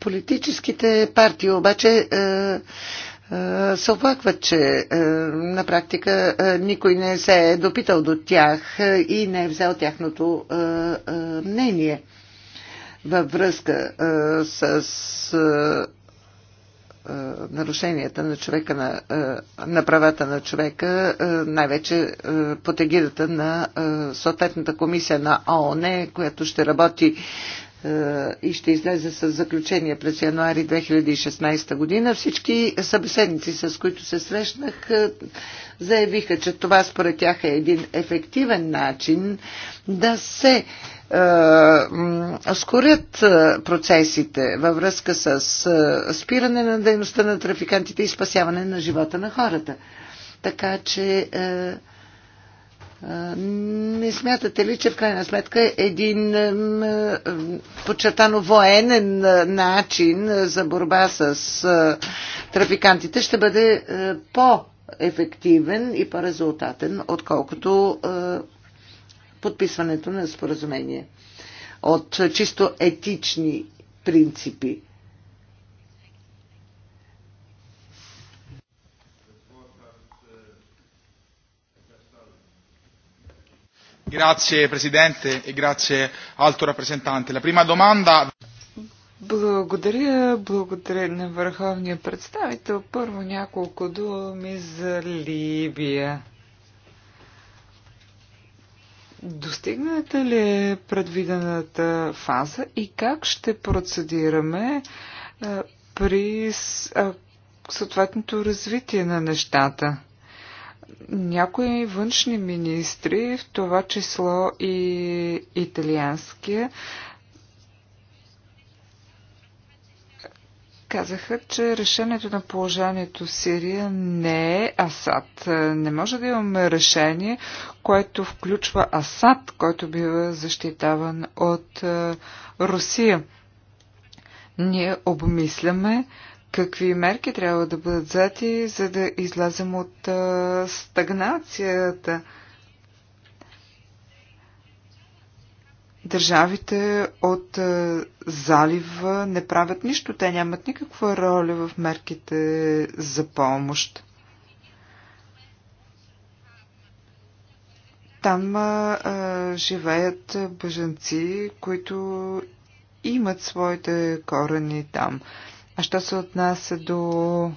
Политическите партии обаче се оплакват, че на практика никой не се е допитал до тях и не е взел тяхното мнение във връзка с нарушенията на човека на, на правата на човека, най-вече под егидата на съответната комисия на ООН, която ще работи е, и ще излезе с заключение през януари 2016 година. Всички събеседници, с които се срещнах, е, заявиха, че това според тях е един ефективен начин да се е, скорят е, процесите във връзка с спиране на дейността на трафикантите и спасяване на живота на хората. Така че е, не смятате ли, че в крайна сметка един подчертано военен е, начин за борба с е, трафикантите ще бъде е, по-ефективен и по-резултатен, отколкото подписването на споразумение от чисто етични принципи?
Grazie Presidente e grazie Alto Rappresentante. La prima domanda...
Благодаря, благодаря на върховния представител. Първо няколко думи за Либия. Достигната ли е предвидената фаза и как ще процедираме е, при съответното развитие на нещата? някои външни министри, в това число и италианския, казаха, че решението на положението в Сирия не е Асад. Не може да имаме решение, което включва Асад, който бива защитаван от е, Русия. Ние обмисляме какви мерки трябва да бъдат взети, за да излезем от а, стагнацията. Държавите от а, залива не правят нищо, те нямат никаква роля в мерките за помощ. Там а, а, живеят бежанци, които имат своите корени там. А, а що се отнася до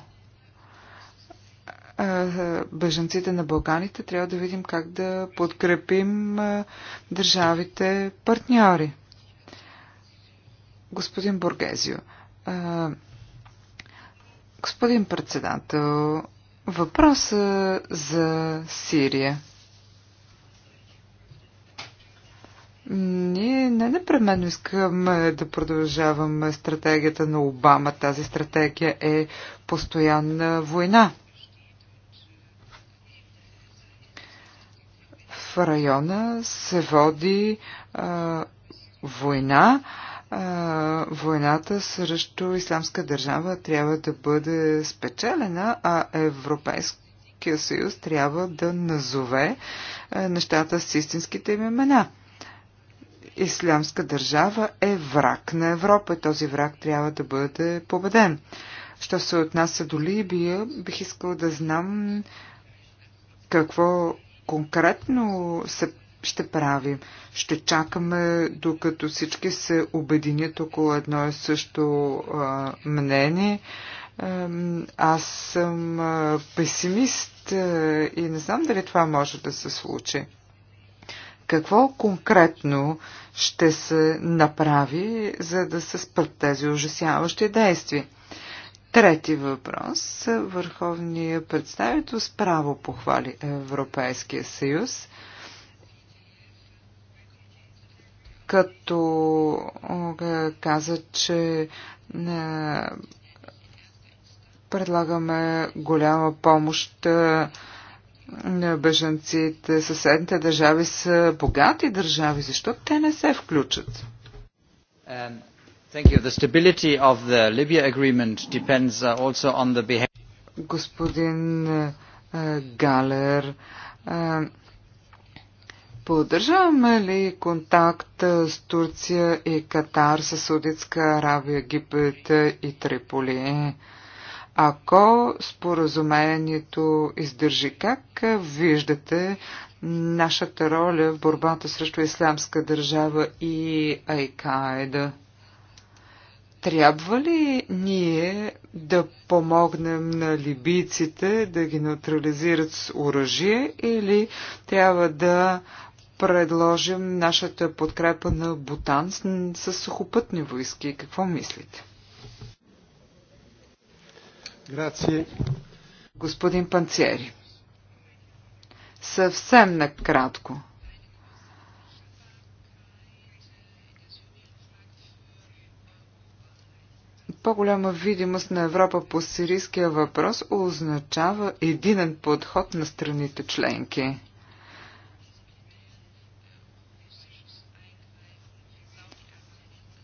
бежанците на Балканите, трябва да видим как да подкрепим държавите партньори. Господин Бургезио, господин председател, въпроса за Сирия – Ние не непременно искаме да продължаваме стратегията на Обама. Тази стратегия е постоянна война. В района се води а, война. А, войната срещу исламска държава трябва да бъде спечелена, а Европейския съюз трябва да назове нещата с истинските им имена. Ислямска държава е враг на Европа. Този враг трябва да бъде победен. Що се отнася до Либия, бих искал да знам какво конкретно се ще правим. Ще чакаме, докато всички се обединят около едно и също а, мнение. Аз съм песимист и не знам дали това може да се случи. Какво конкретно ще се направи, за да се спрат тези ужасяващи действия? Трети въпрос. Върховният представител справо похвали Европейския съюз като каза, че предлагаме голяма помощ бежанците, съседните държави са богати държави. Защо те не се включат? Um, uh, Господин Галер, uh, uh, Поддържаме ли контакт с Турция и Катар, с Саудитска Аравия, Египет и Триполи? ако споразумението издържи. Как виждате нашата роля в борбата срещу ислямска държава и Айкаеда? Трябва ли ние да помогнем на либийците да ги неутрализират с оръжие или трябва да предложим нашата подкрепа на Бутан с сухопътни войски? Какво мислите? Грация. Господин Панцери, съвсем накратко. По-голяма видимост на Европа по сирийския въпрос означава единен подход на страните членки.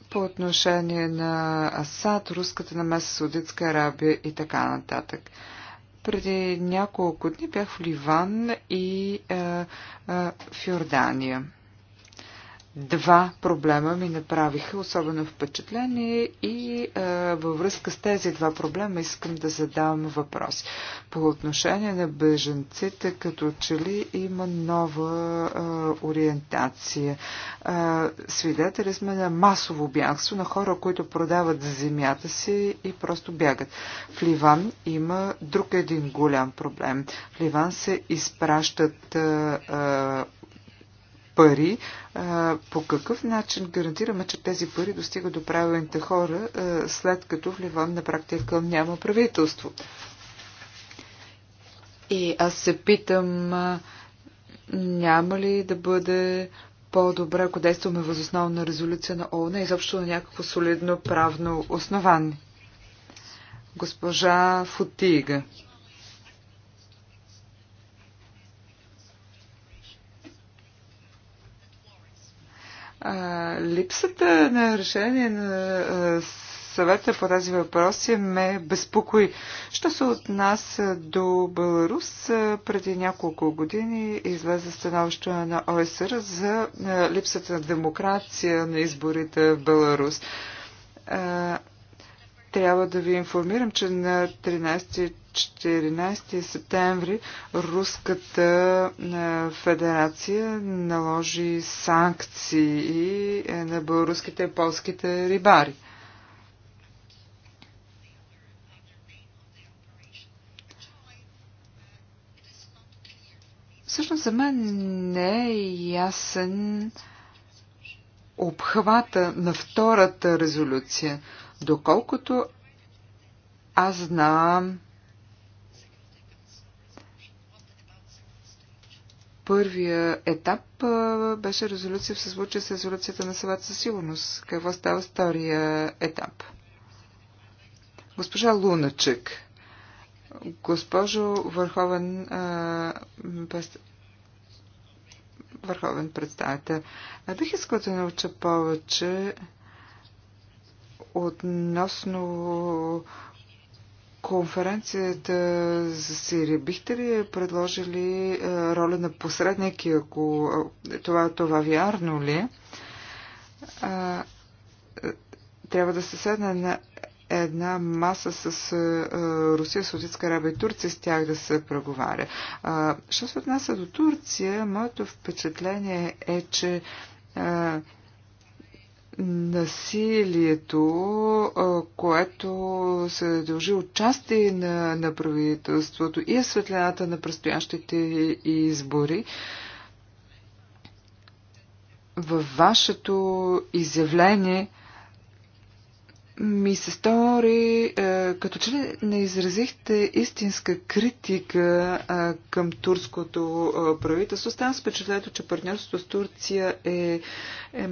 по отношение на Асад, руската намеса Саудитска Арабия и така нататък. Преди няколко дни бях в Ливан и е, е, в Йордания. Два проблема ми направиха особено впечатление и а, е, във връзка с тези два проблема искам да задавам въпрос. По отношение на беженците, като че ли има нова а, е, ориентация. А, е, свидетели сме на масово бягство на хора, които продават земята си и просто бягат. В Ливан има друг един голям проблем. В Ливан се изпращат а, а, пари, по какъв начин гарантираме, че тези пари достигат до правилните хора, след като в Ливан на практика няма правителство? И аз се питам, няма ли да бъде по-добре, ако действаме възоснова на резолюция на ООН и изобщо на някакво солидно правно основание? Госпожа Футига. А, липсата на решение на а, съвета по тази въпроси ме безпокои. Що се отнася до Беларус, преди няколко години излезе становище на ОСР за липсата на демокрация на изборите в Беларус. Трябва да ви информирам, че на 13 14 септември Руската федерация наложи санкции на българските и полските рибари. Всъщност за мен не е ясен обхвата на втората резолюция. Доколкото аз знам, Първия етап беше резолюция в съзвучие с резолюцията на съвет със сигурност. Какво става втория етап? Госпожа Луначек, госпожо Върховен, а, без, върховен представител, а бих искала да науча повече относно конференцията за Сирия, бихте ли предложили е, роля на посредники, ако е, това, това вярно ли е, Трябва да се седне на една маса с Русия, Саудитска Арабия и Турция, с тях да се преговаря. що се отнася до Турция, моето впечатление е, че насилието, което се дължи отчасти на, на правителството и светлината на предстоящите избори. Във вашето изявление ми се стори, е, като че ли не изразихте истинска критика е, към турското е, правителство. Ставам с впечатлението, че партньорството с Турция е, е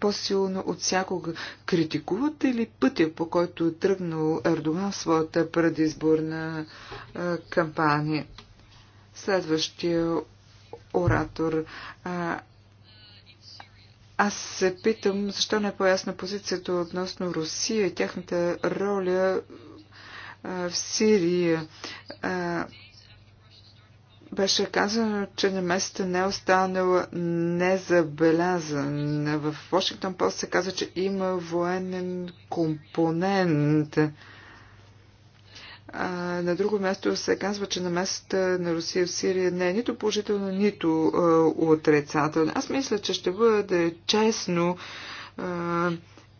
по-силно от всякога. Критикувате ли пътя, по който е тръгнал Ердоган в своята предизборна кампания? Следващия оратор. Аз се питам, защо не е по-ясна позицията относно Русия и тяхната роля а, в Сирия. А, беше казано, че на места не е останала незабелязана. В Вашингтон Пост се каза, че има военен компонент. А, на друго място се казва, че на местата на Русия в Сирия не е нито положително, нито а, отрицателно. Аз мисля, че ще бъде честно а,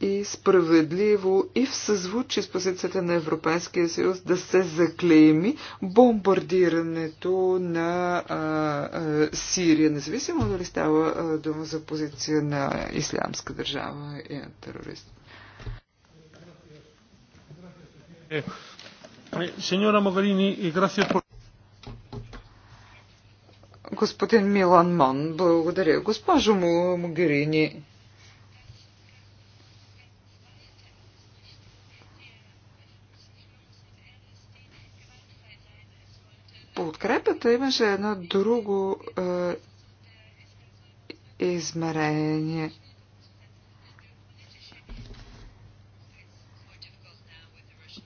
и справедливо и в съзвучие с позицията на Европейския съюз да се заклейми бомбардирането на а, а, Сирия, независимо дали става а, дума за позиция на ислямска държава и на терорист. Е, е, сеньора Могарини, грация по... Господин Милан Мон, благодаря. Госпожо Могерини, подкрепата имаше едно друго е, измерение –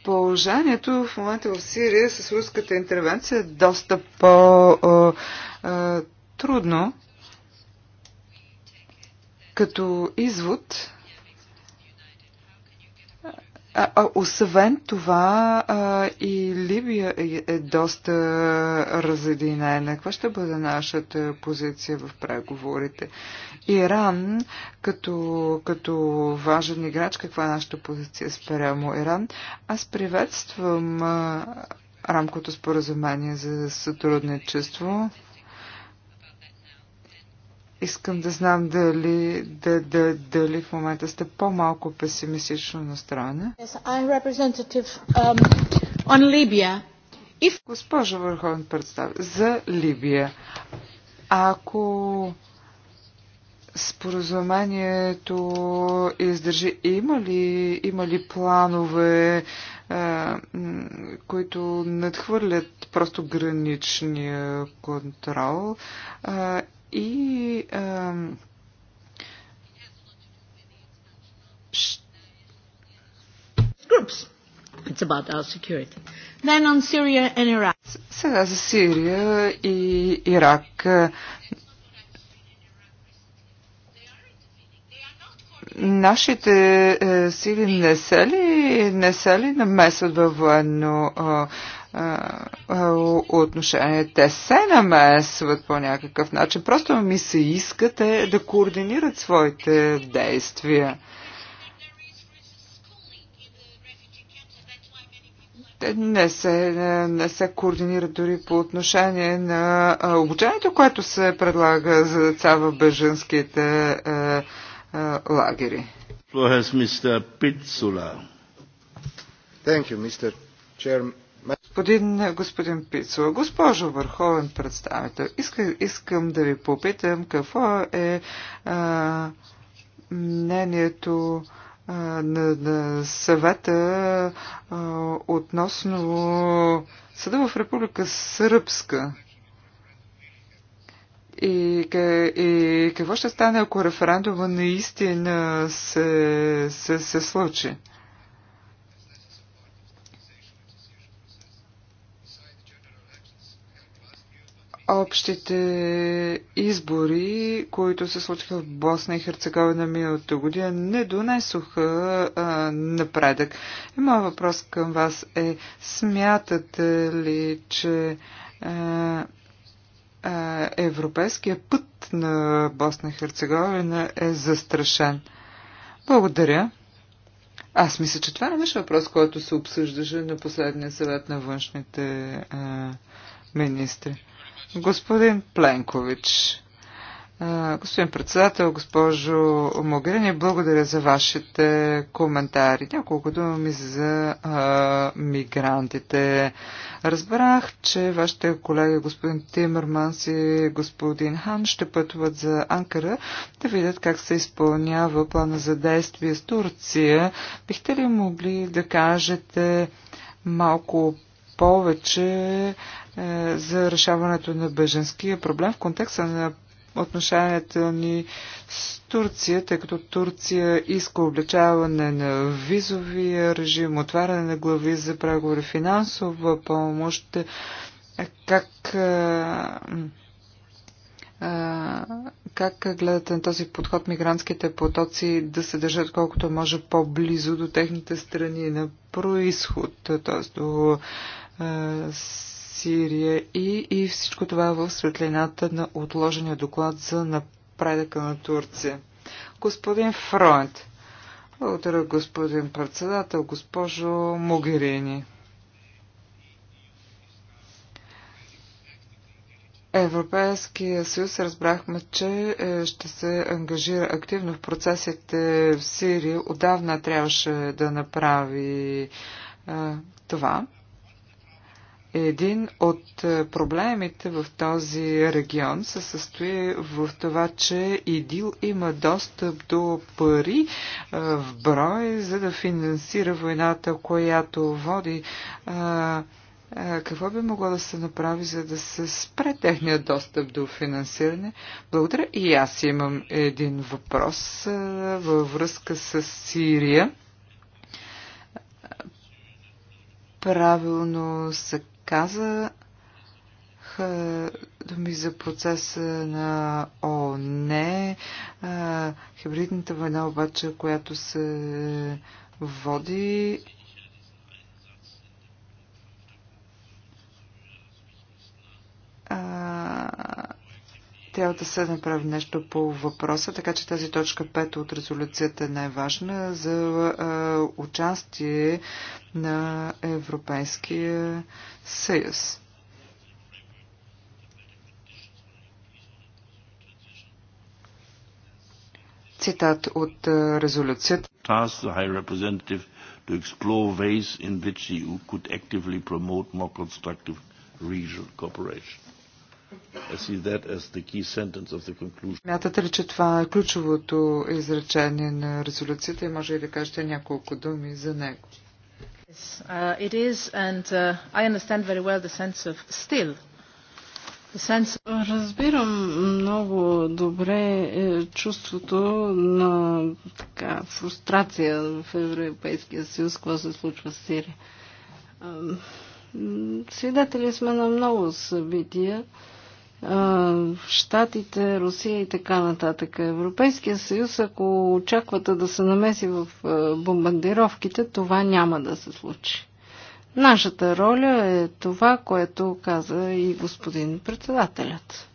Положението в момента в Сирия с руската интервенция е доста по-трудно. Като извод а, а, освен това, а, и Либия е, е, доста разединена. Каква ще бъде нашата позиция в преговорите? Иран, като, като важен играч, каква е нашата позиция спрямо Иран? Аз приветствам а, рамкото споразумение за сътрудничество. Искам да знам дали, да, да, дали в момента сте по-малко песимистично настроена.
Yes, um,
If... Госпожо Върховен представ, за Либия. Ако споразумението издържи, има ли, има ли планове, а, е, които надхвърлят просто граничния контрол? А, е, и groups. It's about our security. Then on
Syria and Iraq.
Сега за Сирия и Ирак. Нашите е, сили не са ли, не са ли намесват във военно а, отношения. Те се намесват по някакъв начин. Просто ми се искате да координират своите действия. Те не се, не се координират дори по отношение на обучението, което се предлага за деца в беженските е, е, лагери.
Thank you, Mr. Chairman.
Господин, господин Пицо, госпожо върховен представител, иска, искам да ви попитам какво е а, мнението а, на, на съвета а, относно съда в Република Сръбска. И, и какво ще стане, ако референдума наистина се, се, се случи? общите избори, които се случиха в Босна и Херцеговина миналата година, не донесоха а, напредък. И моят въпрос към вас е, смятате ли, че а, а, европейския път на Босна и Херцеговина е застрашен? Благодаря. Аз мисля, че това не беше въпрос, който се обсъждаше на последния съвет на външните а, министри. Господин Пленкович, господин председател, госпожо Могрини, благодаря за вашите коментари. Няколко думи за а, мигрантите. Разбрах, че вашите колеги, господин Тимърманс и господин Хан, ще пътуват за Анкара да видят как се изпълнява плана за действие с Турция. Бихте ли могли да кажете малко повече е, за решаването на беженския проблем в контекста на отношенията ни с Турция, тъй като Турция иска обличаване на визовия режим, отваряне на глави за преговори, финансова помощ. Е, как, е, как гледате на този подход мигрантските потоци да се държат колкото може по-близо до техните страни на происход, т.е. до Сирия и, и всичко това в светлината на отложения доклад за напредъка на Турция. Господин Фронт. Благодаря, господин председател, госпожо Могерини. Европейския съюз разбрахме, че е, ще се ангажира активно в процесите в Сирия. Отдавна трябваше да направи е, това. Един от е, проблемите в този регион се състои в това, че ИДИЛ има достъп до пари е, в брой, за да финансира войната, която води. Е, какво би могло да се направи, за да се спре техния достъп до финансиране? Благодаря. И аз имам един въпрос във връзка с Сирия правилно се каза думи за процеса на ООН, хибридната война обаче, която се води а, трябва да се направи нещо по въпроса, така че тази точка 5 от резолюцията е най-важна за а, участие на Европейския съюз. Цитат от резолюцията.
Task the High
Мятате ли, че това е ключовото изречение на резолюцията и може ли да кажете няколко думи за него?
Uh, uh, Разбирам много добре е, чувството на така, фрустрация в Европейския съюз, какво се случва с Сирия. Свидетели сме на много събития. Штатите, Русия и така нататък. Европейския съюз, ако очаквате да се намеси в бомбардировките, това няма да се случи. Нашата роля е това, което каза и господин председателят.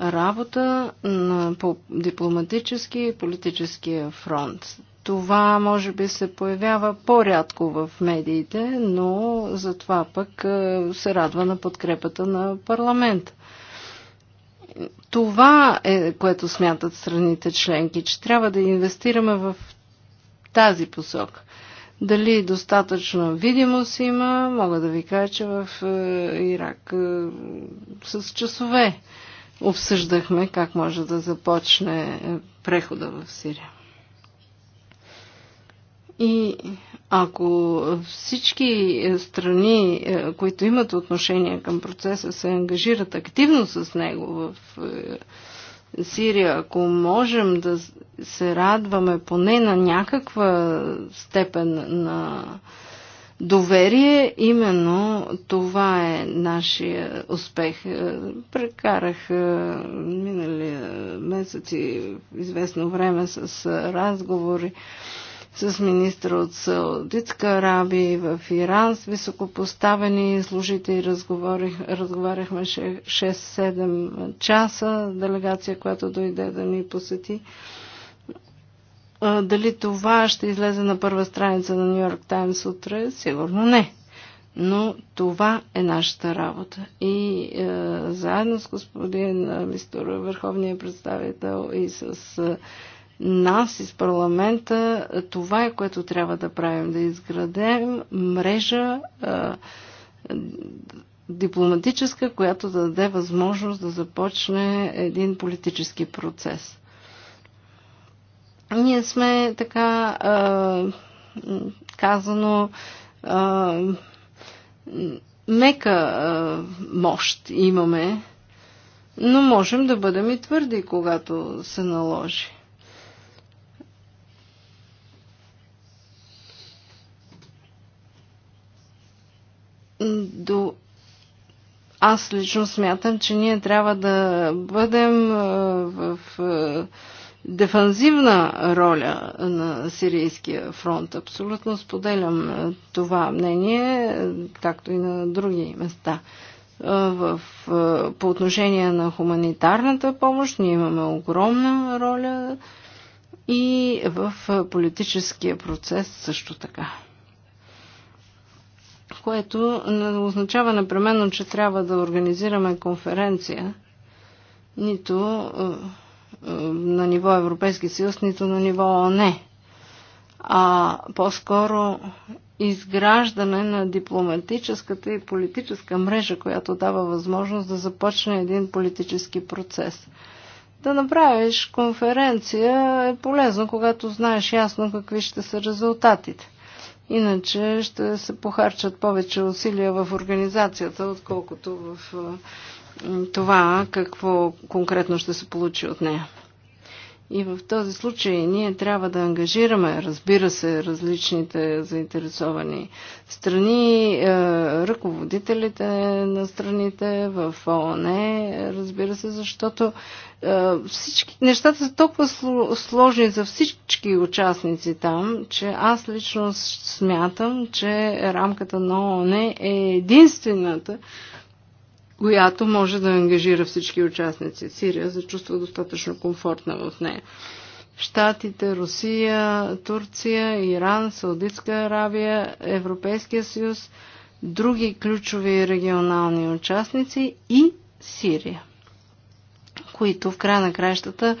Работа на, по дипломатически и политическия фронт. Това може би се появява по-рядко в медиите, но затова пък е, се радва на подкрепата на парламента. Това е което смятат страните членки, че трябва да инвестираме в тази посока. Дали достатъчно видимост има, мога да ви кажа, че в е, Ирак е, с часове обсъждахме как може да започне прехода в Сирия. И ако всички страни, е, които имат отношение към процеса, се ангажират активно с него в е, Сирия, ако можем да се радваме поне на някаква степен на доверие, именно това е нашия успех. Е, прекарах минали месеци известно време с разговори с министра от Саудитска Арабия и в Иран с високопоставени служители разговорих, разговаряхме 6-7 часа, делегация, която дойде да ни посети. Дали това ще излезе на първа страница на Нью Йорк Таймс утре? Сигурно не. Но това е нашата работа. И е, заедно с господин е, Мистор, върховния представител и с е, нас из парламента това е което трябва да правим, да изградем мрежа дипломатическа, която да даде възможност да започне един политически процес. Ние сме така казано мека мощ имаме, но можем да бъдем и твърди, когато се наложи. до аз лично смятам, че ние трябва да бъдем в дефанзивна роля на Сирийския фронт. Абсолютно споделям това мнение, както и на други места. В, по отношение на хуманитарната помощ ние имаме огромна роля и в политическия процес също така което не означава непременно, че трябва да организираме конференция, нито е, е, на ниво Европейски съюз, нито на ниво ОНЕ, а по-скоро изграждане на дипломатическата и политическа мрежа, която дава възможност да започне един политически процес. Да направиш конференция е полезно, когато знаеш ясно какви ще са резултатите. Иначе ще се похарчат повече усилия в организацията, отколкото в това какво конкретно ще се получи от нея. И в този случай ние трябва да ангажираме, разбира се, различните заинтересовани страни, е, ръководителите на страните в ООН, разбира се, защото е, всички, нещата са толкова сложни за всички участници там, че аз лично смятам, че рамката на ООН е единствената, която може да ангажира всички участници. Сирия се чувства достатъчно комфортна в нея. Штатите, Русия, Турция, Иран, Саудитска Аравия, Европейския съюз, други ключови регионални участници и Сирия, които в края на кращата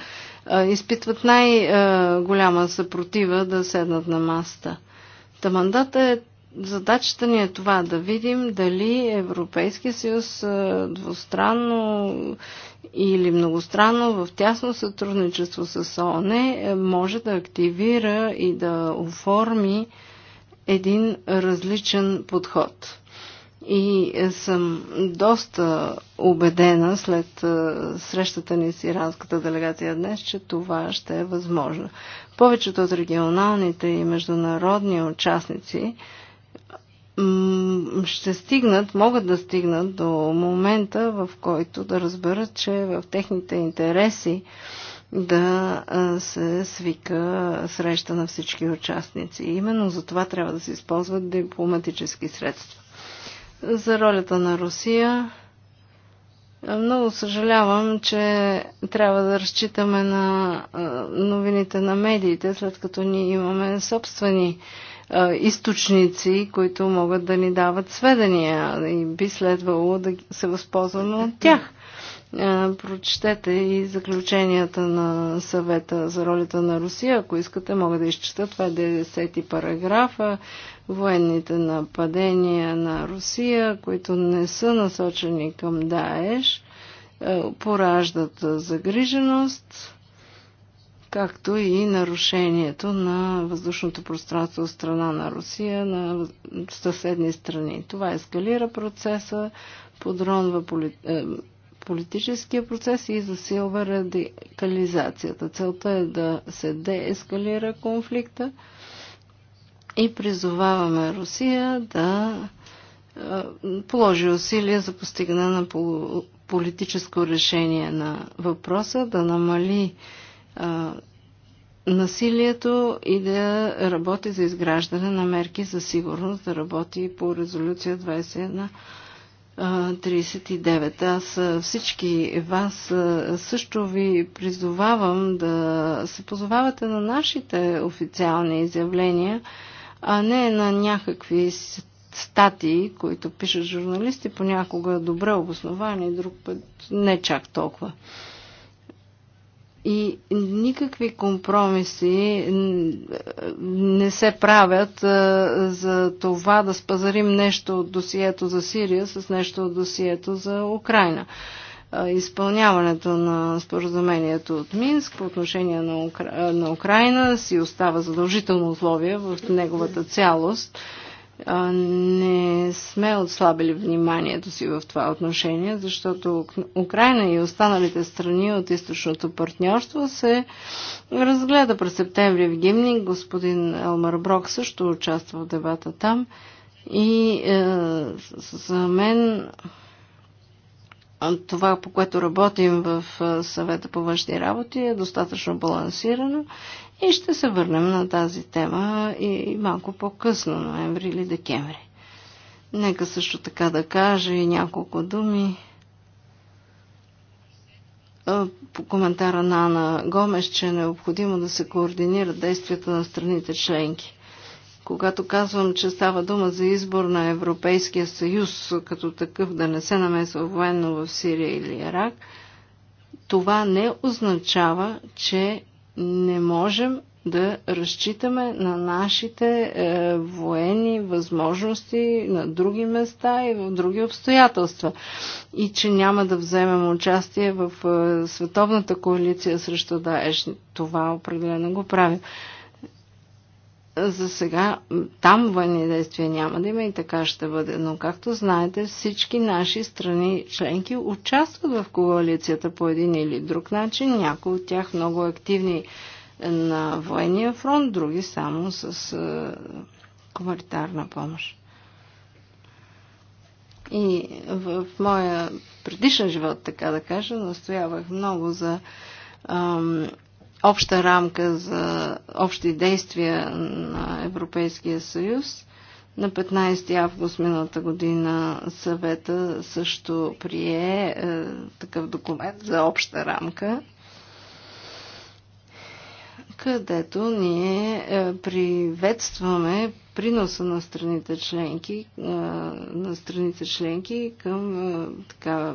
изпитват най-голяма съпротива да седнат на маста. Та мандата е задачата ни е това да видим дали Европейския съюз е, двустранно или многостранно в тясно сътрудничество с ООН е, може да активира и да оформи един различен подход. И е, съм доста убедена след срещата ни с иранската делегация днес, че това ще е възможно. Повечето от регионалните и международни участници ще стигнат, могат да стигнат до момента, в който да разберат, че в техните интереси да се свика среща на всички участници. Именно за това трябва да се използват дипломатически средства. За ролята на Русия много съжалявам, че трябва да разчитаме на новините на медиите, след като ние имаме собствени източници, които могат да ни дават сведения и би следвало да се възползваме от тях. Прочетете и заключенията на съвета за ролята на Русия. Ако искате, мога да изчета. Това е 90-ти параграфа. Военните нападения на Русия, които не са насочени към Даеш, пораждат загриженост както и нарушението на въздушното пространство от страна на Русия на съседни страни. Това ескалира процеса, подронва е, политическия процес и засилва радикализацията. Целта е да се деескалира конфликта и призоваваме Русия да е, положи усилия за постигане на политическо решение на въпроса, да намали насилието и да работи за изграждане на мерки за сигурност, да работи по резолюция 21 39. Аз всички вас също ви призовавам да се позовавате на нашите официални изявления, а не на някакви статии, които пишат журналисти, понякога добре обосновани, друг път не чак толкова. И никакви компромиси не се правят за това да спазарим нещо от досието за Сирия с нещо от досието за Украина. Изпълняването на споразумението от Минск по отношение на, Укра... на Украина си остава задължително условие в неговата цялост не сме отслабили вниманието си в това отношение, защото Украина и останалите страни от източното партньорство се разгледа през септември в Гимни. Господин Елмар Брок също участва в дебата там. И е, за мен това, по което работим в съвета по външни работи, е достатъчно балансирано и ще се върнем на тази тема и малко по-късно, ноември или декември. Нека също така да кажа и няколко думи по коментара на Ана Гомес, че е необходимо да се координират действията на страните членки когато казвам, че става дума за избор на Европейския съюз като такъв да не се намесва военно в Сирия или Ирак, това не означава, че не можем да разчитаме на нашите е, военни възможности на други места и в други обстоятелства. И че няма да вземем участие в е, световната коалиция срещу Даеш. Това определено го правим за сега там военни действия няма да има и така ще бъде. Но както знаете, всички наши страни членки участват в коалицията по един или друг начин. Някои от тях много активни на военния фронт, други само с е, комаритарна помощ. И в моя предишен живот, така да кажа, настоявах много за обща рамка за общи действия на Европейския съюз. На 15 август миналата година съвета също прие е, такъв документ за обща рамка, където ние е, приветстваме приноса на страните членки, е, на страните членки към е, така,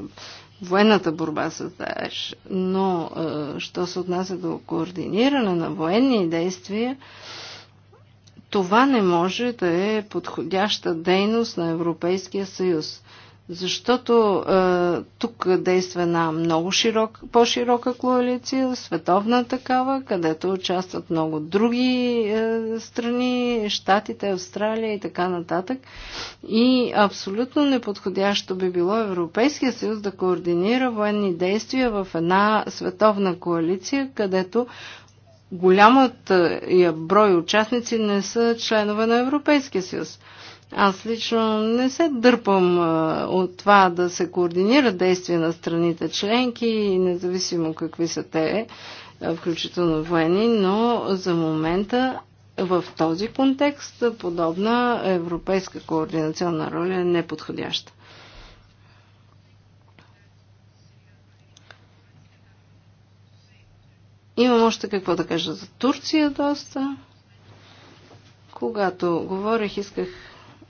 военната борба с Даеш, но а, е, що се отнася до координиране на военни действия, това не може да е подходяща дейност на Европейския съюз. Защото е, тук действа една много широк, по-широка коалиция, световна такава, където участват много други е, страни, Штатите, Австралия и така нататък. И абсолютно неподходящо би било Европейския съюз да координира военни действия в една световна коалиция, където голямата брой участници не са членове на Европейския съюз. Аз лично не се дърпам а, от това да се координира действия на страните членки, независимо какви са те, включително военни, но за момента в този контекст подобна европейска координационна роля е неподходяща. Имам още какво да кажа за Турция доста. Когато говорих, исках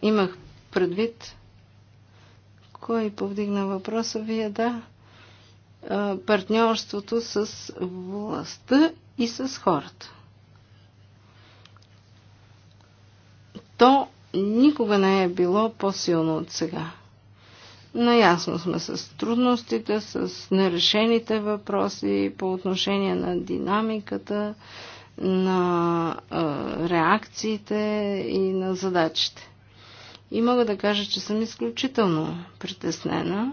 имах предвид. Кой повдигна въпроса? Вие да. Партньорството с властта и с хората. То никога не е било по-силно от сега. Наясно сме с трудностите, с нерешените въпроси по отношение на динамиката, на е, реакциите и на задачите. И мога да кажа, че съм изключително притеснена.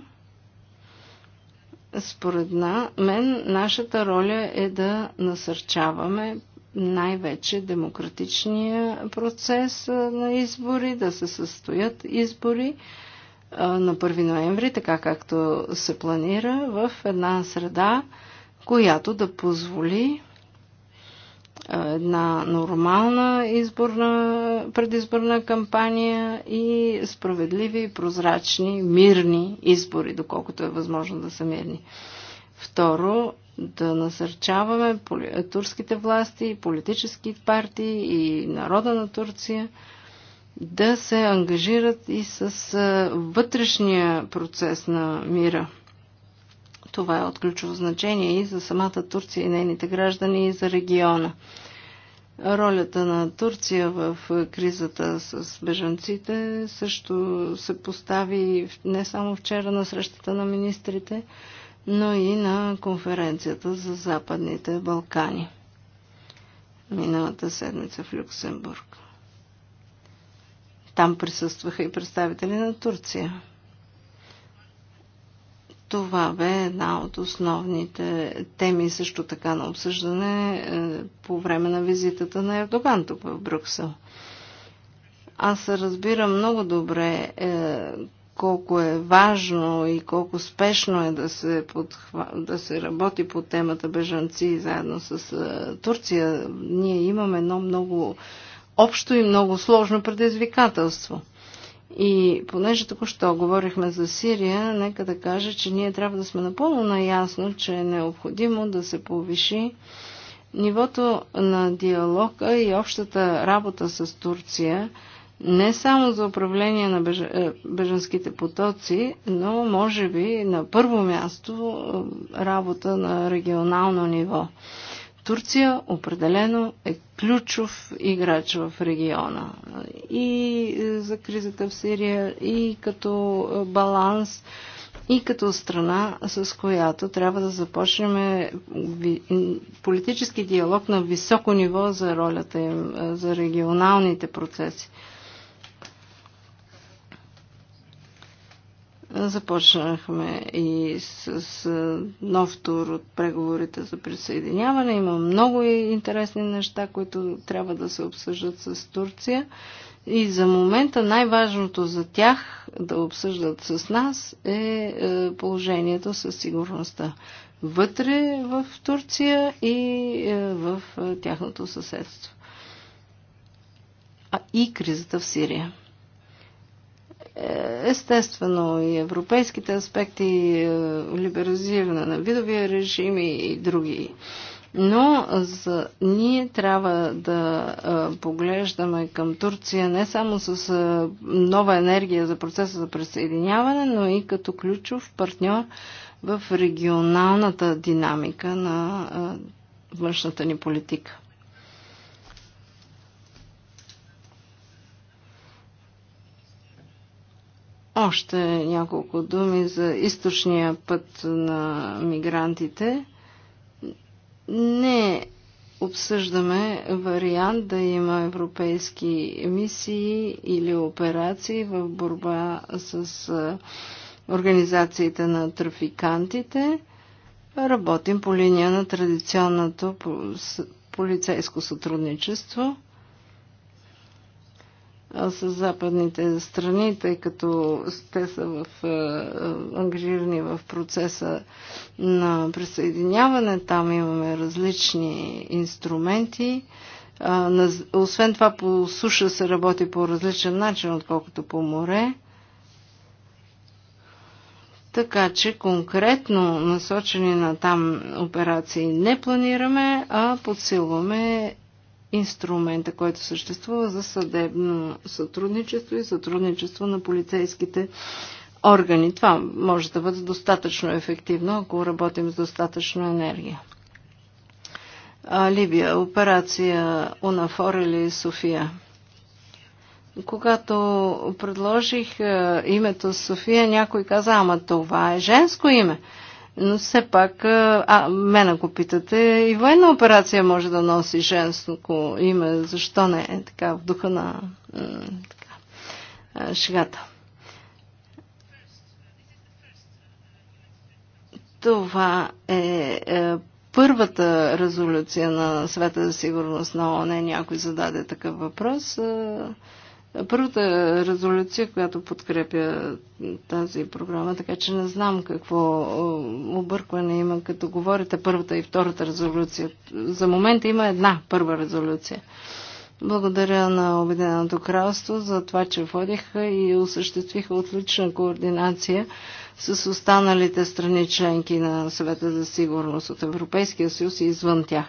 Според мен, нашата роля е да насърчаваме най-вече демократичния процес на избори, да се състоят избори на 1 ноември, така както се планира, в една среда, която да позволи една нормална изборна, предизборна кампания и справедливи, прозрачни, мирни избори, доколкото е възможно да са мирни. Второ, да насърчаваме турските власти, политически партии и народа на Турция да се ангажират и с вътрешния процес на мира – това е от ключово значение и за самата Турция и нейните граждани и за региона. Ролята на Турция в кризата с бежанците също се постави не само вчера на срещата на министрите, но и на конференцията за Западните Балкани миналата седмица в Люксембург. Там присъстваха и представители на Турция. Това бе една от основните теми също така на обсъждане е, по време на визитата на Ердоган тук в Брюксел. Аз разбирам много добре е, колко е важно и колко спешно е да се, подхва... да се работи по темата бежанци заедно с е, Турция. Ние имаме едно много общо и много сложно предизвикателство – и понеже току-що говорихме за Сирия, нека да кажа, че ние трябва да сме напълно наясно, че е необходимо да се повиши нивото на диалога и общата работа с Турция, не само за управление на беженските потоци, но може би на първо място е, работа на регионално ниво. Турция определено е ключов играч в региона. И е, за кризата в Сирия, и като е, баланс, и като страна, с която трябва да започнем е, политически диалог на високо ниво за ролята им, за регионалните процеси. Започнахме и с нов тур от преговорите за присъединяване. Има много интересни неща, които трябва да се обсъждат с Турция. И за момента най-важното за тях да обсъждат с нас е, е положението със сигурността вътре в Турция и е, в е, тяхното съседство. А и кризата в Сирия. Естествено и европейските аспекти, е, либерализиране на видовия режими и други. Но за, ние трябва да а, е, поглеждаме към Турция не само с а, е, нова енергия за процеса за присъединяване, но и като ключов партньор в регионалната динамика на а, външната ни политика. Още няколко думи за източния път на мигрантите. Не обсъждаме вариант да има европейски мисии или операции в борба с организациите на трафикантите. Работим по линия на традиционното полицейско сътрудничество с западните страни, тъй като те са в, ангажирани в процеса на присъединяване. Там имаме различни инструменти. Освен това по суша се работи по различен начин, отколкото по море. Така че конкретно насочени на там операции не планираме, а подсилваме инструмента, който съществува за съдебно сътрудничество и сътрудничество на полицейските органи. Това може да бъде достатъчно ефективно, ако работим с достатъчно енергия. Либия, операция Унафор или София. Когато предложих името София, някой каза, ама това е женско име. Но все пак, а, мен ако питате, и военна операция може да носи женско име. Защо не? Е, така, в духа на така, шегата. Това е, е първата резолюция на Света за сигурност на Оне Някой зададе такъв въпрос. Е, първата резолюция, която подкрепя тази програма, така че не знам какво объркване има, като говорите първата и втората резолюция. За момента има една първа резолюция. Благодаря на Обединеното кралство за това, че водиха и осъществиха отлична координация с останалите страни членки на съвета за сигурност от Европейския съюз и извън тях.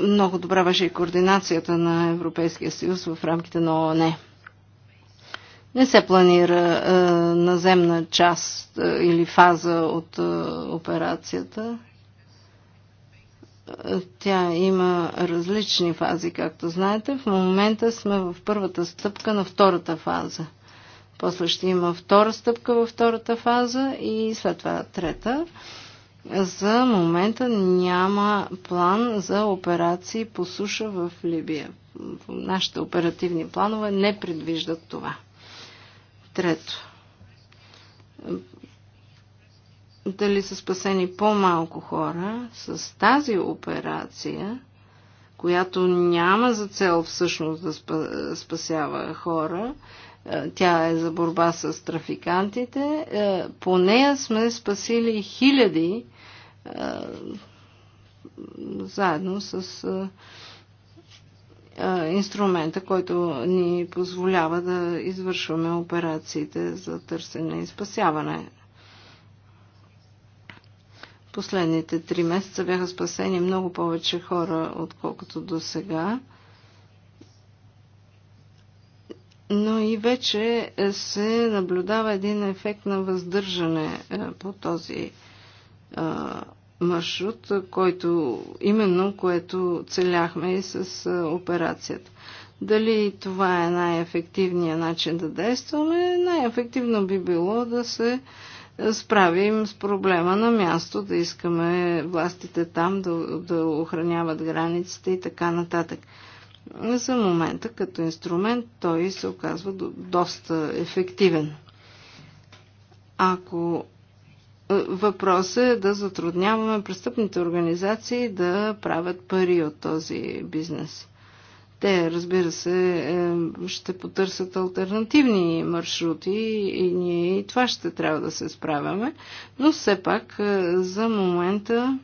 Много добра беше и координацията на Европейския съюз в рамките на ООН. Не се планира е, наземна част е, или фаза от е, операцията. Е, тя има различни фази, както знаете. В момента сме в първата стъпка на втората фаза. После ще има втора стъпка във втората фаза и след това трета. За момента няма план за операции по суша в Либия. Нашите оперативни планове не предвиждат това. Трето. Дали са спасени по-малко хора с тази операция, която няма за цел всъщност да спасява хора, е, тя е за борба с трафикантите. Е, по нея сме спасили хиляди е, заедно с инструмента, който ни позволява да извършваме операциите за търсене и спасяване. Последните три месеца бяха спасени много повече хора, отколкото до сега но и вече е, се наблюдава един ефект на въздържане е, по този е, маршрут, който именно, което целяхме и с операцията. Дали това е най-ефективният начин да действаме? Най-ефективно би било да се справим с проблема на място, да искаме властите там да, да охраняват границите и така нататък. За момента като инструмент той се оказва доста ефективен. Ако е, Въпросът е да затрудняваме престъпните организации да правят пари от този бизнес. Те, разбира се, е, ще потърсят альтернативни маршрути и ние и това ще трябва да се справяме, но все пак е, за момента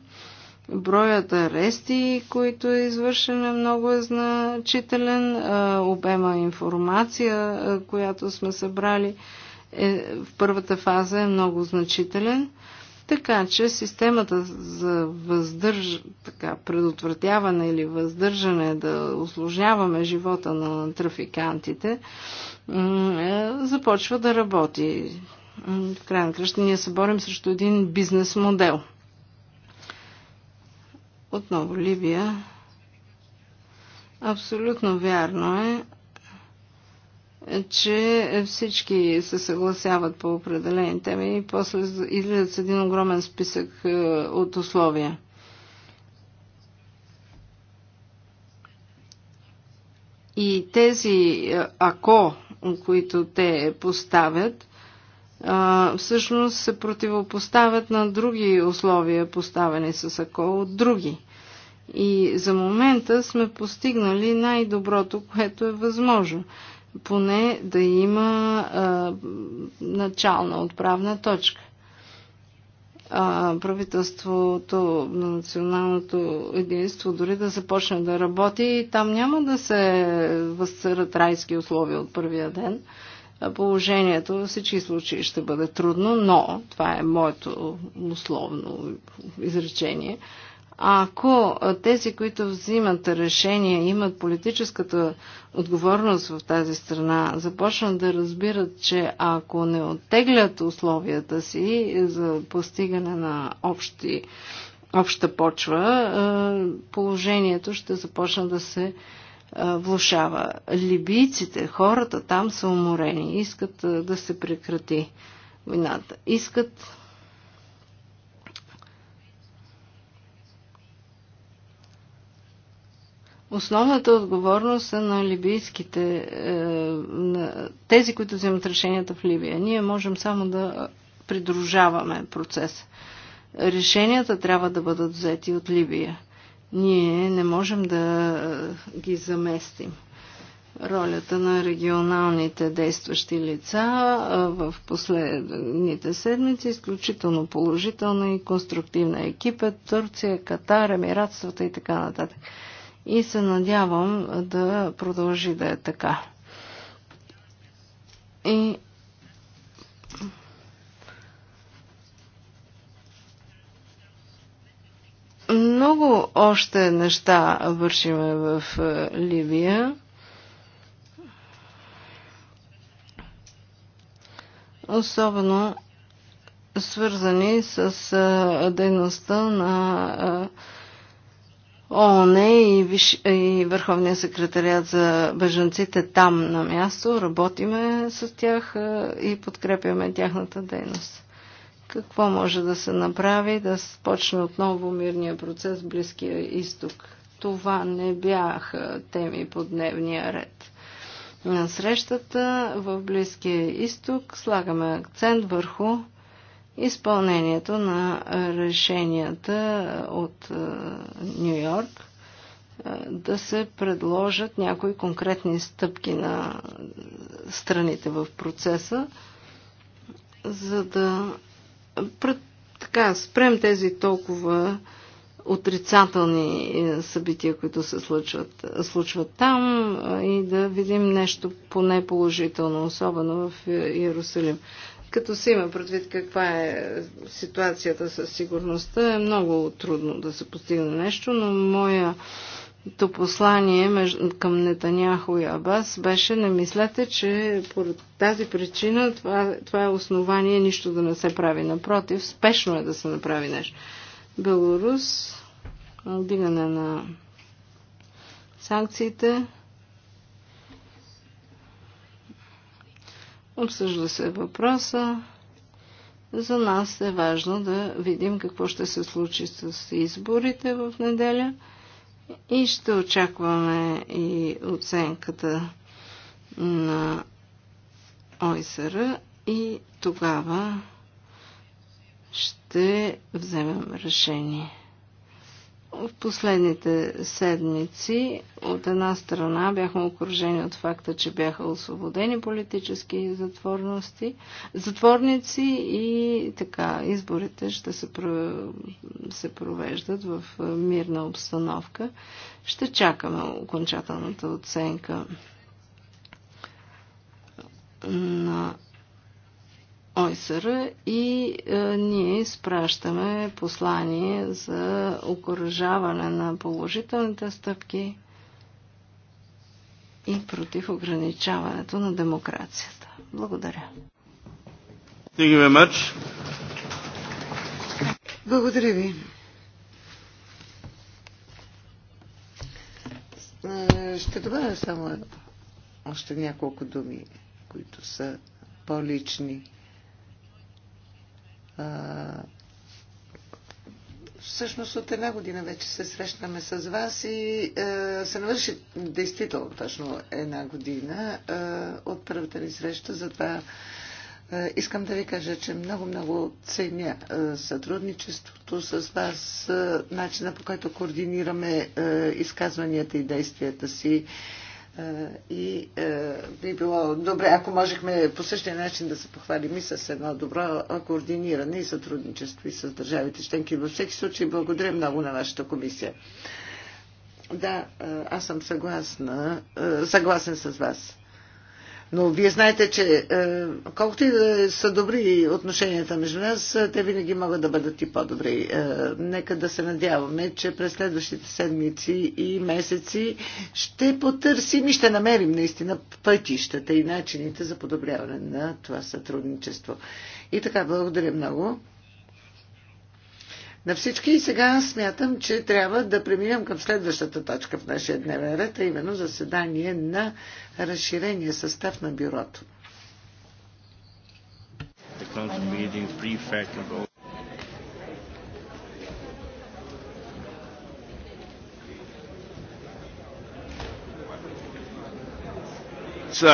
Броят арести, които е извършен е много е значителен. Обема информация, която сме събрали е, в първата фаза е много значителен. Така че системата за въздърж... така, предотвратяване или въздържане да осложняваме живота на трафикантите е, започва да работи. В крайна кръща ние се борим срещу един бизнес модел – отново Либия. Абсолютно вярно е, че всички се съгласяват по определени теми и после излизат с един огромен списък е, от условия. И тези е, ако, които те поставят, а, всъщност се противопоставят на други условия, поставени с АКО от други. И за момента сме постигнали най-доброто, което е възможно. Поне да има а, начална отправна точка. А, правителството на националното единство дори да започне да работи, там няма да се възцарат райски условия от първия ден. А, положението във всички случаи ще бъде трудно, но това е моето условно изречение. Ако тези, които взимат решения, имат политическата отговорност в тази страна, започнат да разбират, че ако не оттеглят условията си за постигане на общи, обща почва, е, положението ще започне да се влушава. Либийците, хората там са уморени, искат да се прекрати войната. Искат Основната отговорност е на либийските, е, на тези, които вземат решенията в Либия. Ние можем само да придружаваме процеса. Решенията трябва да бъдат взети от Либия ние не можем да е, ги заместим. Ролята на регионалните действащи лица е, в последните седмици е изключително положителна и конструктивна. екипа, Турция, Катар, Емиратствата и така нататък. И се надявам да продължи да е така. И много още неща вършиме в е, Ливия. Особено свързани с е, дейността на е, ООН и, Виш... и Върховния секретариат за бежанците там на място. Работиме с тях и подкрепяме тяхната дейност какво може да се направи да почне отново мирния процес в Близкия изток. Това не бяха теми по дневния ред. На срещата в Близкия изток слагаме акцент върху изпълнението на решенията от е, Нью Йорк е, да се предложат някои конкретни стъпки на страните в процеса, за да пред, така, спрем тези толкова отрицателни е, събития, които се случват, случват там и да видим нещо поне положително, особено в е, Иерусалим. Като се има предвид каква е ситуацията със сигурността, е много трудно да се постигне нещо, но моя то послание към Нетаняхо и Абас беше не мислете, че по тази причина това, това е основание нищо да не се прави. Напротив, спешно е да се направи нещо. Беларус, дигане на санкциите, обсъжда се въпроса. За нас е важно да видим какво ще се случи с изборите в неделя – и ще очакваме и оценката на ОИСР и тогава ще вземем решение в последните седмици от една страна бяхме окружени от факта, че бяха освободени политически затворности, затворници и така изборите ще се, се провеждат в мирна обстановка. Ще чакаме окончателната оценка на ОСР и е, ние изпращаме послание за окоръжаване на положителните стъпки и против ограничаването на демокрацията. Благодаря. Благодаря ви.
Е, ще добавя само още няколко думи, които са по-лични всъщност от една година вече се срещаме с вас и се навърши действително точно една година от първата ни среща. Затова искам да ви кажа, че много-много ценя сътрудничеството с вас, начина по който координираме изказванията и действията си. И би било добре, ако можехме по същия начин да се похвалим и с едно добро координиране и сътрудничество и с държавите членки. Във всеки случай благодаря много на вашата комисия. Да, аз съм съгласна, съгласен с вас. Но вие знаете, че е, колкото и да са добри отношенията между нас, те винаги могат да бъдат и по-добри. Е, нека да се надяваме, че през следващите седмици и месеци ще потърсим и ще намерим наистина пътищата и начините за подобряване на това сътрудничество. И така, благодаря много на всички. И сега смятам, че трябва да преминем към
следващата
точка в нашия дневен ред, а именно заседание на разширения състав на бюрото.
So